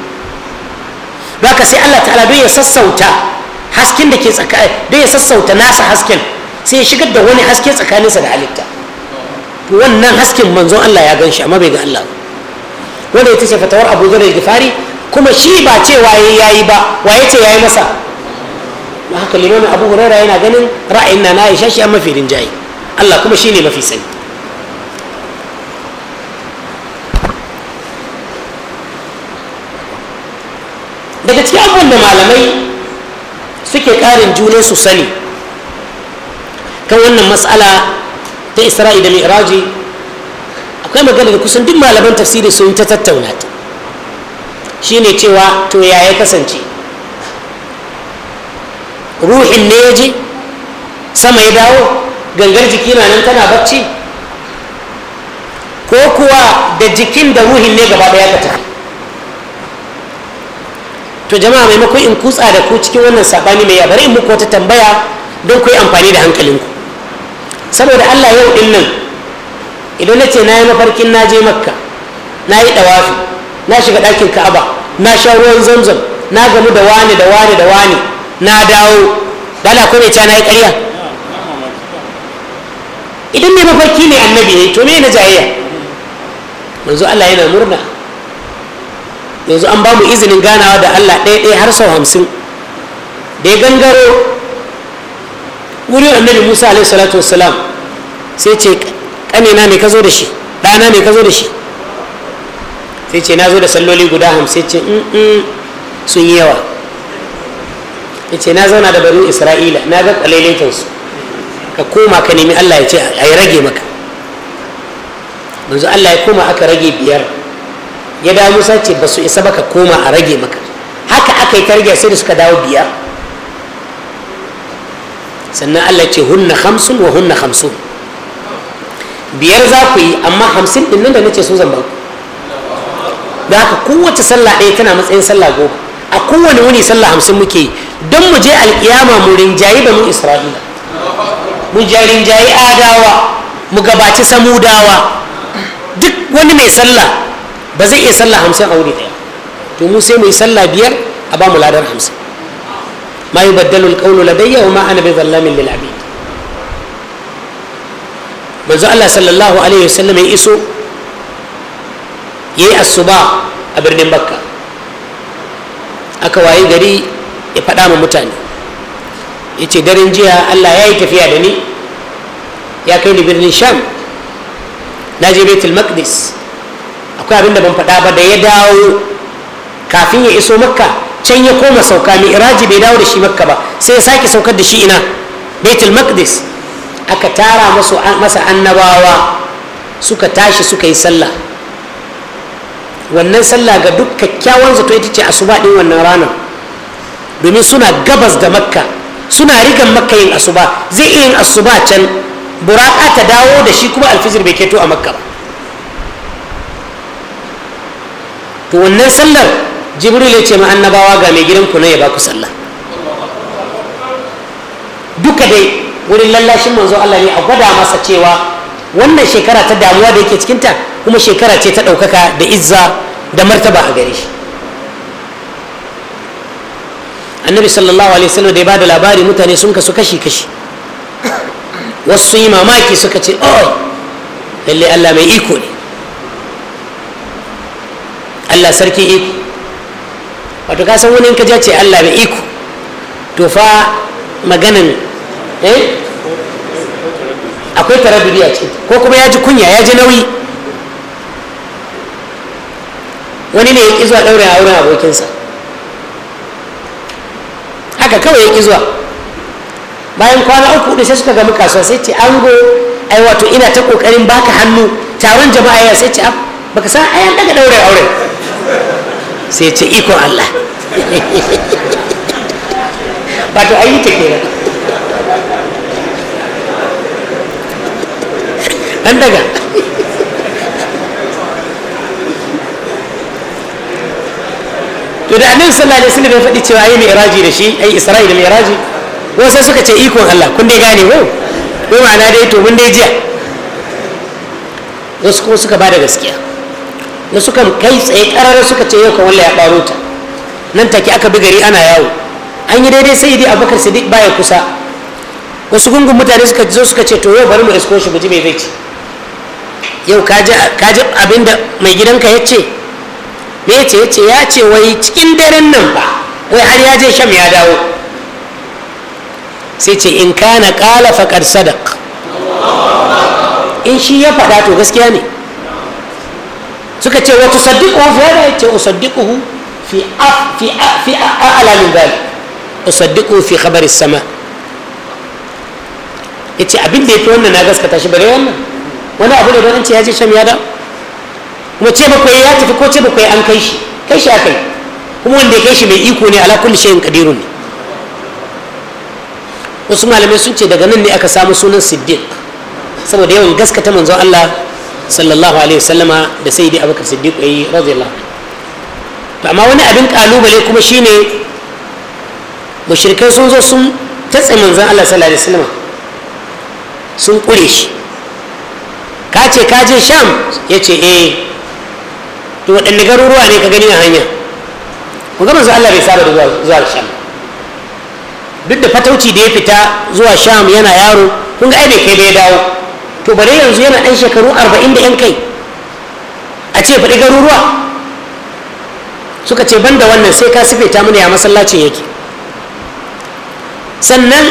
ba ka sai allah ta'ala don ya sassauta hasken da ke tsakani da ya sassauta nasa hasken sai ya shigar da wani haske tsakaninsa da halitta wannan hasken manzon Allah ya gan shi amma bai ga Allah wanda ya ce fatawar Abu Dharr al-Ghifari kuma shi ba ce waye yayi ba waye ce yayi masa haka limamin Abu Huraira yana ganin ra'ayin na Aisha shi amma firin jayi Allah kuma shine mafi sani daga cikin abubuwan da malamai suke ƙarin juna su sani kan wannan matsala ta isra'i da mi'raji akwai magana da kusan duk malaman tafsiri sun ta tattauna ta ne cewa to ya ya kasance ruhin ne ya je sama ya dawo gangar jiki na nan tana bacci ko kuwa da jikin da ruhin ne gaba ɗaya ka tafi to jama'a maimakon in kutsa da ku cikin wannan sabani mai yabari in muku wata tambaya don ku yi amfani da hankalinku saboda Allah yau din nan idan na ce na yi mafarkin na je makka na yi dawafi na shiga ɗakin ka'aba na sha ruwan zamzam na gamu da wani da wani da wani na dawo dala ko ne ta na yi ƙarya idan ne mafarki ne annabi ne to me na jayayya manzo Allah yana murna yanzu an ba mu izinin ganawa da allah ɗaya ɗaya har sau hamsin da ya gangaro wurin annabi musa alaihi salatu wassalam sai ce ƙanina ne ka zo da shi ɗana ne ka zo da shi sai ce na zo da salloli guda hamsin ce mm, mm, sun yi yawa ya ce na zauna da bari isra'ila na ga kalailintansu ka koma ka nemi allah ya ce a yi rage maka yanzu allah ya koma aka rage biyar ya dawo musa ce ba su isa ba ka koma a rage maka haka aka yi targe sai da suka dawo biyar sannan allah ce hunna hamsin wa hunna hamsin biyar za ku yi amma hamsin ɗin nan da nace su zan ba ku da haka kowace sallah ɗaya tana matsayin sallah goma a kowane wuni sallah hamsin muke yi don mu je alƙiyama mu rinjayi da mu isra'ila mu je rinjayi adawa mu gabaci samudawa duk wani mai sallah ba zai iya sallah hamsin a wuri ɗaya to mu sai mu sallah biyar a ba mu ladar hamsin ma yi baddalu alƙawlu ladayya wa ma ana bai zallamin lil abid manzo Allah sallallahu alaihi wasallam ya iso yayi asuba a birnin Bakka aka waye gari ya faɗa ma mutane ya ce daren jiya Allah ya yi tafiya da ni ya kai ni birnin Sham na je Baitul Maqdis akwai abin da ban faɗa ba da ya dawo kafin ya iso makka can ya koma sauka mai iraji bai dawo da shi makka ba sai ya sake saukar da shi ina baitul maqdis aka tara masa annabawa suka tashi suka yi sallah wannan sallah ga duk kyakkyawan zato ita ce asuba din wannan ranar domin suna gabas da makka suna rigan makka yin asuba zai iya yin asuba can buraka ta dawo da shi kuma alfijir bai keto a makka ba to wannan sallar jibril ya ce ma annabawa ga mai gidanku ne ya ba ku salla duka dai wurin lallashin manzo Allah ne a gwada masa cewa wannan shekara ta damuwa da yake cikinta kuma shekara ce ta ɗaukaka da izza da martaba a gare shi annabi sallallahu alaihi wasallam da ya bada labari mutane sun kasu kashi kashi wasu sun yi mamaki suka ce oi lalle Allah mai iko ne Allah sarki iko wato ka san wani in ka ja ce Allah mai iko to fa maganin eh akwai taraddudi a ce ko kuma ya ji kunya ya ji nauyi wani ne ya ƙi zuwa ɗaurin auren abokinsa haka kawai ya ƙi zuwa bayan kwana uku da sai suka gami kasuwa sai ce an go ai wato ina ta ƙoƙarin baka hannu taron jama'a ya sai ce baka san ai an daga ɗaurin auren sai ce ikon Allah (laughs) ba to ayi ta kenan an daga to da annabi sallallahu alaihi wasallam ya faɗi cewa ayi mi'raji da shi ai isra'i da mi'raji ko sai suka ce ikon Allah kun dai gane ko ko ma'ana dai to mun dai jiya wasu kuma suka ba da gaskiya da suka kai tsaye ƙararra suka ce yau ka ya ɓaro ta nan take aka bi gari ana yawo an yi daidai sai idi abubakar sadiq baya kusa wasu gungun mutane suka zo suka ce to yau bari mu isko shi mu ji me zai ci yau ka ji abin da mai gidanka ya ce me ya ce ya ce ya ce wai cikin daren nan ba wai har ya je sham ya dawo sai ce in kana kala fakar sadak. in shi ya faɗa to gaskiya ne suka ce wa tusaddiquhu fi ce yace usaddiquhu fi a fi a'la min dhalik usaddiquhu fi khabari sama ya ce abin da ya fi wannan na gaskata shi bare wannan wani abu da ban ce ya ce sham ya da kuma ce bakwai ya tafi ko ce bakwai an kai shi kai shi akai kuma wanda ya kai shi mai iko ne ala kulli shay'in kadiru ne wasu malamai sun ce daga nan ne aka samu sunan siddiq saboda yawan gaskata manzon Allah sallallahu alaihi sallama da sai dai abubakar siddiq ya yi radiyallahu to amma wani abin kalubale kuma shine mushrikai sun zo sun tatse manzon Allah sallallahu alaihi sallama sun kure shi ka ce ka je sham ya ce eh to waɗanne garuruwa ne ka gani a hanya ku ga manzon Allah bai saba da zuwa sham duk da fatauci da ya fita zuwa sham yana yaro kun ga ai bai kai da ya dawo to bare yanzu yana ɗan shekaru arba'in da 'yan kai a ce faɗi garuruwa suka ce banda wannan sai ka ta mana ya masallacin yake sannan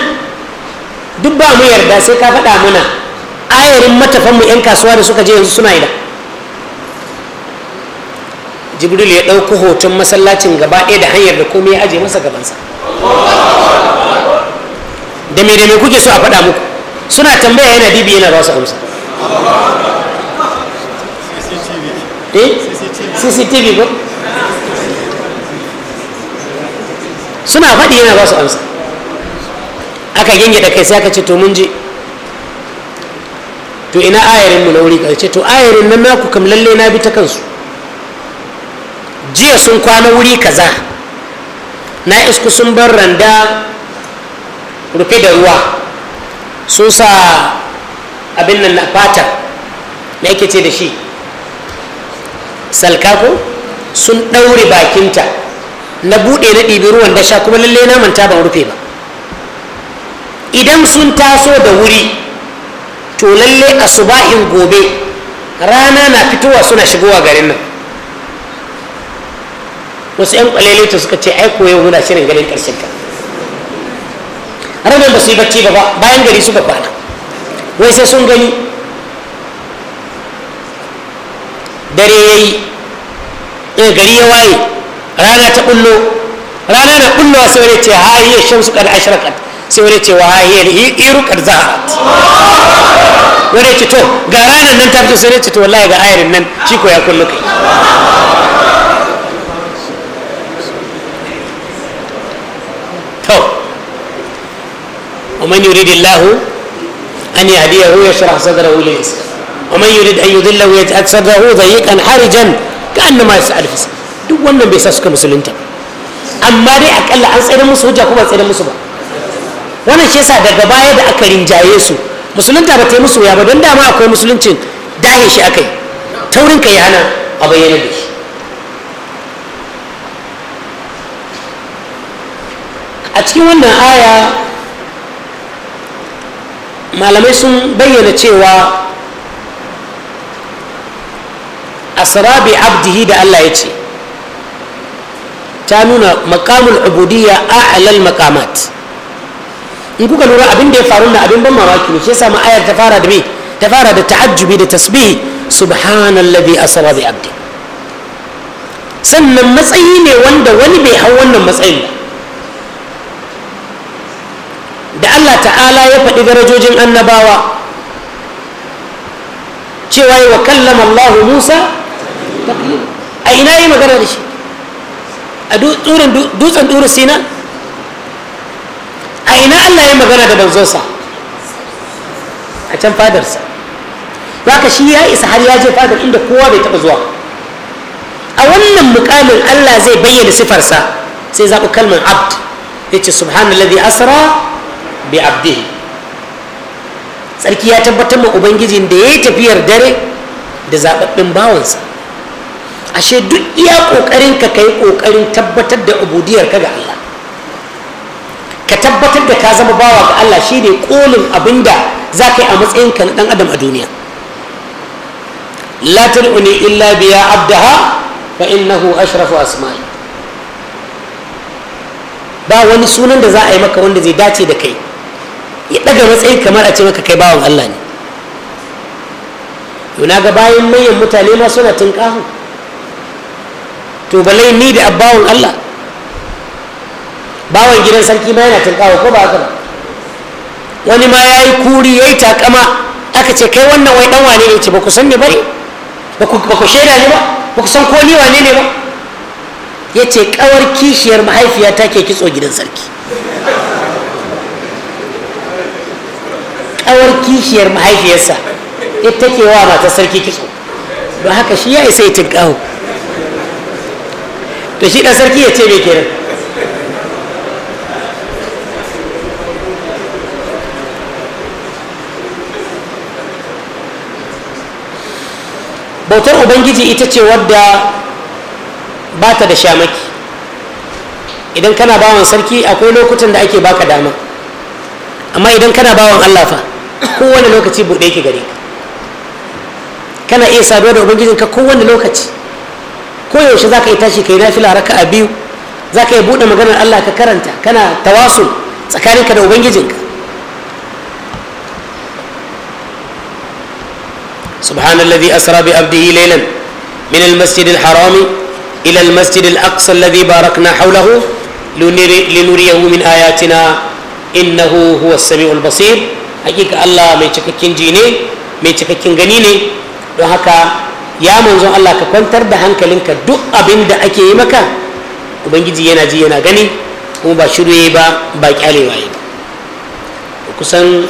duk ba mu yarda sai ka faɗa mana ayarin matafanmu 'yan kasuwa da suka je yanzu suna yi jibril ya ɗauko hoton masallacin gaba ɗaya da hanyar da komai ya aje masa gabansa da me da me kuke so a faɗa muku suna tambaya yana dibi yana rasa su amsa eh? cctv ba suna faɗi yana rasa su amsa aka da kai sai aka ce to mun je to ina ayarin mu na wuri ce to ayarin nan naku kam lalle na bi ta kansu jiya sun kwana wuri kaza na isku sun bar randa rufe da ruwa sun sa abin nan na fata me yake ce da shi salkaku sun ɗaure bakinta na buɗe na ɗibi ruwan da sha kuma lalle na manta ban rufe ba idan sun taso da wuri to lalle a gobe rana na fitowa suna shigowa garin nan wasu 'yan kwalele suka ce aiko yau muna shirin ganin ƙarshen ka rabin ba su yi bacci ba bayan gari suka kwana wai sai sun gani dare ya yi eh, gari ya waye rana ta bullo rana na bullowa sai wani ce ha iya shamsu kan ashrakat sai wani ce wa ha iya iru kan zaharat wani ce to ga ranar nan ta fito sai wani ce to wallahi ga ayarin nan shi ko ya kullu kai ومن يريد الله أن يهديه يشرح صدره للإسلام ومن يريد أن يضله يجعل صدره ضيقا حرجا كأنما يسأل في السماء duk wannan bai sa suka amma dai akalla an tsere musu hujja kuma tsere musu ba wannan shi yasa daga baya da aka rinjaye su musulunta ba ta musu ya ba don dama akwai musuluncin dahe shi akayi taurin ka a bayyana da a cikin wannan aya malamai sun bayyana cewa asra bi abdihi da Allah ya ce ta nuna makamul ubudiyya a'lal maqamat in kuka lura abin da ya faru na abin ban mamaki ne shi yasa ayar ta fara da me ta fara da ta'ajjubi da tasbih subhanallazi asra bi abdi sannan matsayi ne wanda wani bai hau wannan matsayin ba da Allah ta'ala ya faɗi darajojin annabawa cewa yi wa kallama Allah Musa a ina yi magana da shi a dutsen duru sina a ina Allah ya magana da banzonsa a can fadarsa ka shi ya isa har ya je fadar inda kowa bai taɓa zuwa a wannan mukamin Allah zai bayyana sifarsa sai zaɓi kalmar abd ya ce subhanalladhi asra bi abdi tsarki ya tabbatar ma ubangijin da ya yi tafiyar dare da zaɓaɓɓen bawansa ashe duk iya ƙoƙarin ka kai ƙoƙarin tabbatar da ubudiyar ka ga Allah ka tabbatar da ka zama bawa ga Allah shi ne ƙolin abin za ka yi a matsayin ka na ɗan adam a duniya la tad'uni illa biya abdaha fa innahu ashrafu asma'i ba wani sunan da za a yi maka wanda zai dace da kai ya daga matsayin kamar a ce maka kai bawan Allah ne to na ga bayan manyan mutane ma suna tunƙahu to balai ni da abawan Allah bawan gidan sarki ma yana tunƙahu ko ba haka ba wani ma ya yi kuri ya yi takama aka ce kai wannan wai dan wane ne ce ba ku san ne ba ba ku shaida ne ba ba ku san ko ni wane ne ba ya ce kawar kishiyar mahaifiya ta ke kitso gidan sarki kawar kishiyar mahaifiyarsa ita ke wa mata sarki kitso don haka shi ya isa yi kawo to shi ɗan sarki ya ce mai kiran bautar ubangiji ita ce wadda ba ta da shamaki idan kana bawan sarki akwai lokutan da ake baka dama amma idan kana bawan Allah fa kowanne lokaci bude yake gare ka kana iya saduwa da ubangijin ka kowanne lokaci ko yaushe zaka yi tashi kai nafila raka'a biyu zaka yi bude maganar Allah ka karanta kana tawasul ka da ubangijin ka سبحان الذي أسرى بأبده ليلا من المسجد الحرام إلى المسجد الأقصى الذي باركنا حوله لنريه من آياتنا innahu huwa sami'ul basir hakika Allah mai cikakken ji ne mai cikakken gani ne don haka ya manzon Allah ka kwantar da hankalinka duk abin da ake yi maka ubangiji yana ji yana gani kuma ba shiru yayi ba ba kyalewa yayi kusan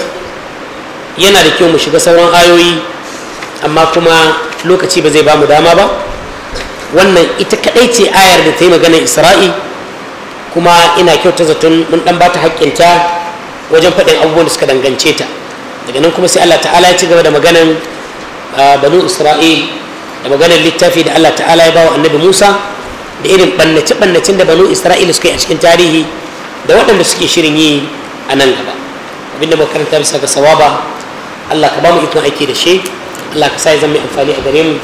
yana da kyau mu shiga sauran ayoyi amma kuma lokaci ba zai ba mu dama ba wannan ita kadai ce ayar da ta yi maganar isra'i kuma ina kyauta zaton mun dan bata haƙƙinta wajen faɗin abubuwan da suka dangance ta daga nan kuma sai Allah ta'ala ya ci gaba da maganan banu isra'il da maganar littafi da Allah ta'ala ya bawa annabi Musa da irin bannace bannacin da banu isra'ila suka yi a cikin tarihi da waɗanda suke shirin yi a nan gaba abinda makaranta bisa ga sawaba Allah ka ba mu ikon aiki da shi Allah ka sa ya zama amfani a gare mu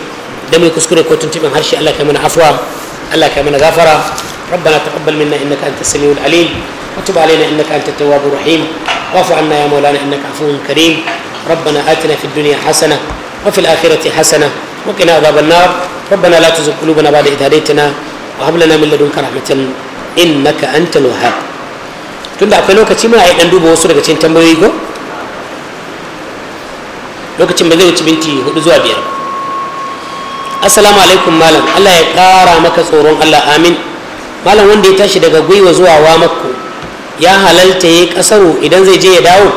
da mai kuskure ko tuntubin harshe Allah ka yi mana afuwa Allah ka yi mana gafara ربنا تقبل منا انك انت السميع العليم وتب علينا انك انت التواب الرحيم واعف عنا يا مولانا انك عفو كريم ربنا اتنا في الدنيا حسنه وفي الاخره حسنه وقنا عذاب النار ربنا لا تزغ قلوبنا بعد اذ هديتنا وهب لنا من لدنك رحمه انك انت الوهاب tunda akwai lokaci muna yi dan duba wasu daga cikin tambayoyi ko lokacin ba zai wuce minti hudu zuwa biyar assalamu alaikum malam allah ya kara maka tsoron allah amin malam wanda ya tashi daga gwiwa zuwa wa makko ya halalta ya kasaro idan zai je ya dawo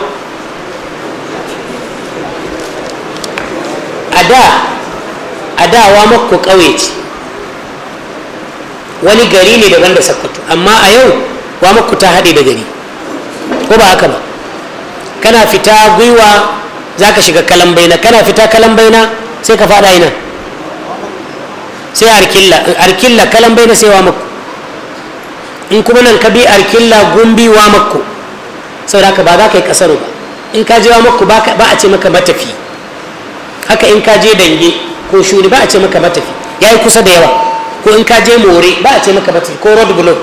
a da wa makko kawai ce wani gari ne daban da sakkwato amma a yau wa makko ta haɗe da gari ko ba haka ba kana fita gwiwa za ka shiga kalambaina kana fita kalambaina sai ka faɗa ina sai arkilla arkilla kalambaina sai wa makko in kuma nan ka bi arkilla gumbi wa makko saboda ka ba za ka yi kasaro ba in ka je wa makko ba a ce maka matafi haka in ka je dange ko shuni ba a ce maka matafi ya yi kusa da yawa ko in ka je more ba a ce maka matafi ko road block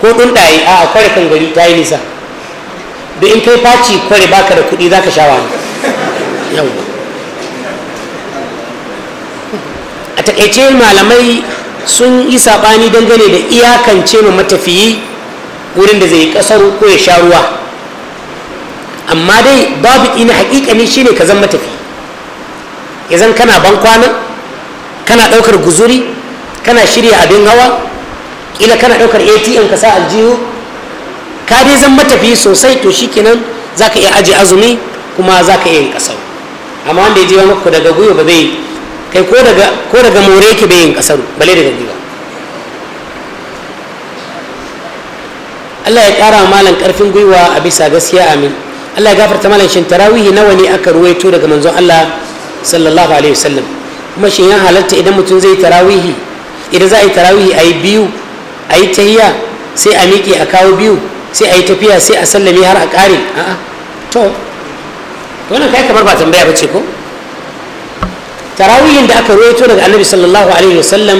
ko dundaye a a kan gari ta yi nisa da in kai faci ba ka da kuɗi za ka sha wani yau a taƙaice malamai sun yi saɓani dangane da iyakance ma matafiyi wurin da zai yi ƙasar ko ya sha ruwa amma dai babu ina haƙiƙani shine ka zan matafi ya zan kana ban kwana kana ɗaukar guzuri kana shirya abin hawa ƙila kana ɗaukar atm ka sa aljihu ka dai zan matafi sosai to shikenan za ka iya aji azumi kuma za ka iya yin ƙasar amma wanda ya je wa maka daga gwiwa ba zai kai ko daga more ki bayin kasar kasaru bale daga giwa Allah ya kara malam karfin gwiwa a bisa gaskiya amin Allah ya gafarta malam shin tarawihi nawa ne aka ruwaito daga manzon Allah sallallahu alaihi wasallam kuma shin ya halatta idan mutum zai tarawihi idan za a yi tarawihi a yi biyu a yi tahiya sai a miƙe a kawo biyu sai a yi tafiya sai a sallame har a ƙare a'a to wannan kai kamar ba tambaya ba ce ko tarawihin da aka rawaito daga annabi sallallahu alaihi wasallam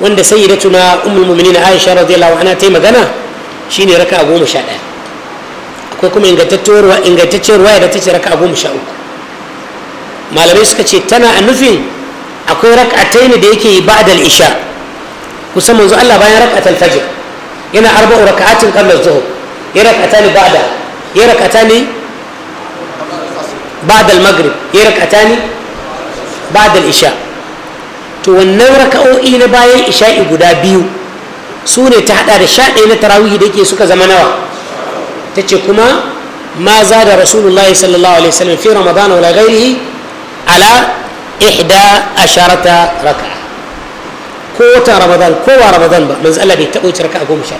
wanda sayyidatuna ummul mu'minin aisha radiyallahu anha ta yi magana shine raka'a goma sha ɗaya akwai kuma ingantacciyar waya da ta ce raka'a goma sha uku malamai suka ce tana a nufin akwai raka'atai ne da yake yi ba'da al-isha kusan manzo Allah bayan ta fajr yana arba'u raka'atin qabla zuhur ya raka'atani ba'da ya raka'atani ba'da al-maghrib ya raka'atani ba'da isha to wannan raka'o'i na bayan isha'i guda biyu sune ta hada da shaɗaya ɗaya na tarawihi da ke suka zama nawa ta ce kuma maza da rasulullahi sallallahu alaihi wasallam fi ramadan wala ala ihda asharata raka'a ko watan ramadan ko ba ramadan ba manzo Allah bai taɓa wuce raka'a goma sha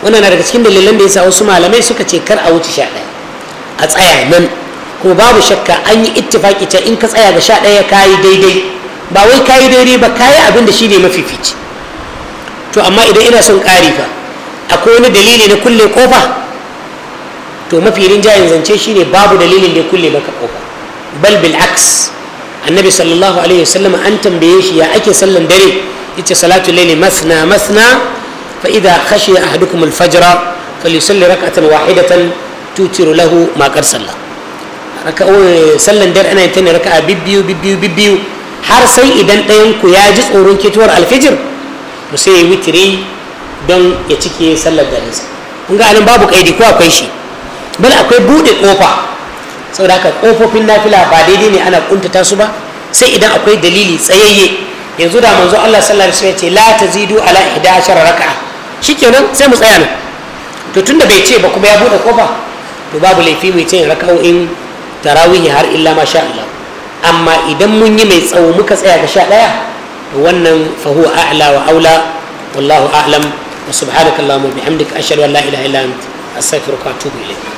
wannan cikin dalilan da yasa wasu malamai suka ce kar a wuce a tsaya nan ko babu shakka an yi ittifaki ta in ka tsaya ga sha ɗaya ka yi daidai ba wai ka yi daidai ba ka yi abin da shi ne mafifici to amma idan ina son ƙari fa akwai wani dalili na kulle kofa to mafi rinjayen zance shine babu dalilin da ya kulle maka kofa bal bil aks annabi sallallahu alaihi wasallam an tambaye shi ya ake sallan dare ita salatu layli masna masna fa idha khashiya ahadukum al fajra falyusalli rak'atan wahidatan tutiru lahu ma qad sallah Oh, sallan dare ana yin ta ne raka'a bibbiyu bibbiyu bibbiyu har sai idan ɗayan ku ya ji tsoron ketuwar alfijir to sai ya witiri don ya cike sallar garinsa kun ga anan babu kaidi ko akwai shi bal akwai buɗe ƙofa saboda haka ƙofofin nafila ba daidai ne ana kuntata su ba sai idan akwai dalili tsayayye yanzu da manzo Allah sallallahu alaihi wasallam ya ce la tazidu ala 11 raka'a shikenan sai mu tsaya nan to tunda bai ce ba kuma ya buɗe kofa to babu laifi mai ce raka'o'in tarawihi har illa ma sha Allah amma idan mun yi mai tsawo muka tsaya ga sha ɗaya wannan fahuwa a'la wa aula wallahu a'lam wa subhanakallahumma bihamdika ashhadu an la ilaha illa anta astaghfiruka wa atubu ilayk